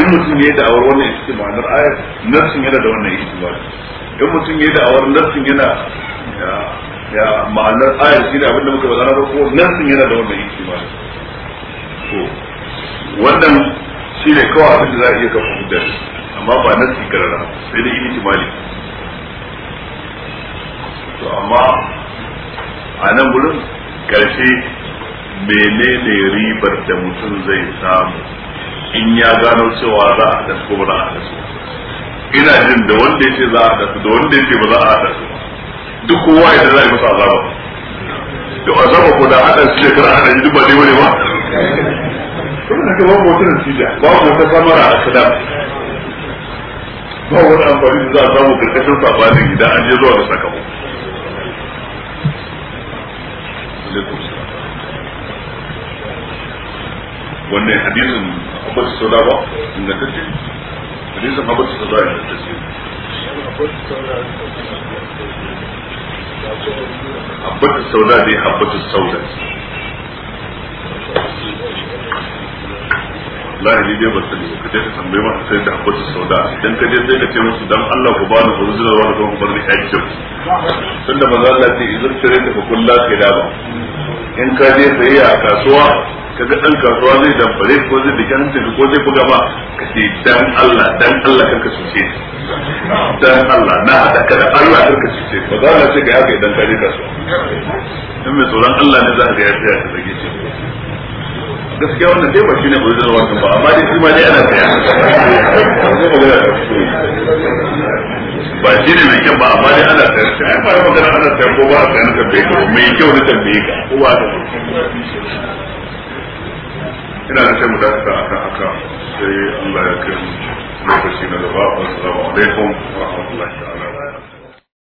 in mutum ya yi da'awar wannan ita ma'anar ayar nafsin yana da wannan ba in mutum ya yi da'awar nafsin yana ya ma'anar ayar shi ne abinda muka bazana ba ko nafsin yana da wannan ba to wannan shi ne kawai abin da za a iya kafa hujja amma ba na sigarara sai da yi mali to amma a nan gurin karshe menene ribar da mutum zai samu in ya gano cewa za a haɗa ko ba za a haɗa su ina jin da wanda yake za a haɗa su da wanda yake ba za a haɗa su duk kowa ya za a yi masa azaba to azaba ko da haɗa su shekara haɗa duk ba dai wani ba da saboda haka babu wata Ba mu wata samara a kalam ba wani amfani da za a samu karkashin sabanin idan an je zuwa ga sakamako wannan hadisin abbas sauda ba ingantacce hadisin abbas sauda ingantacce abbas sauda dai abbas sauda wallahi ni dai ba sani ka je ka tambaye ma sai da abu abbas sauda idan ka je sai ka ce musu dan Allah ku ba ni bani urzula wa ku bani sun da manzo Allah ce idan tare da kullu kai da ba in ka je sayayya a kasuwa ka ga dan kasuwa zai da bare ko zai dake hanta ko zai buga ba ka ce dan Allah dan Allah kanka su ce dan Allah na da ka da Allah kanka su ce ba za ka ce ga haka idan ka je kasuwa in mai tsoron Allah ne za ka ga ya tsaya ka zage shi gaskiya wannan dai ba shi ne original zama ba amma dai shi ma dai ana saya ba shi ne mai kyau ba amma dai ana saya shi ai ba ya magana ana saya ko ba a saya na tambaye ka mai kyau na tambaye ka ko ba ta ina na sai mu dakata akan aka sai an bayar kai mu lokaci na gaba assalamu alaikum wa rahmatullahi ta'ala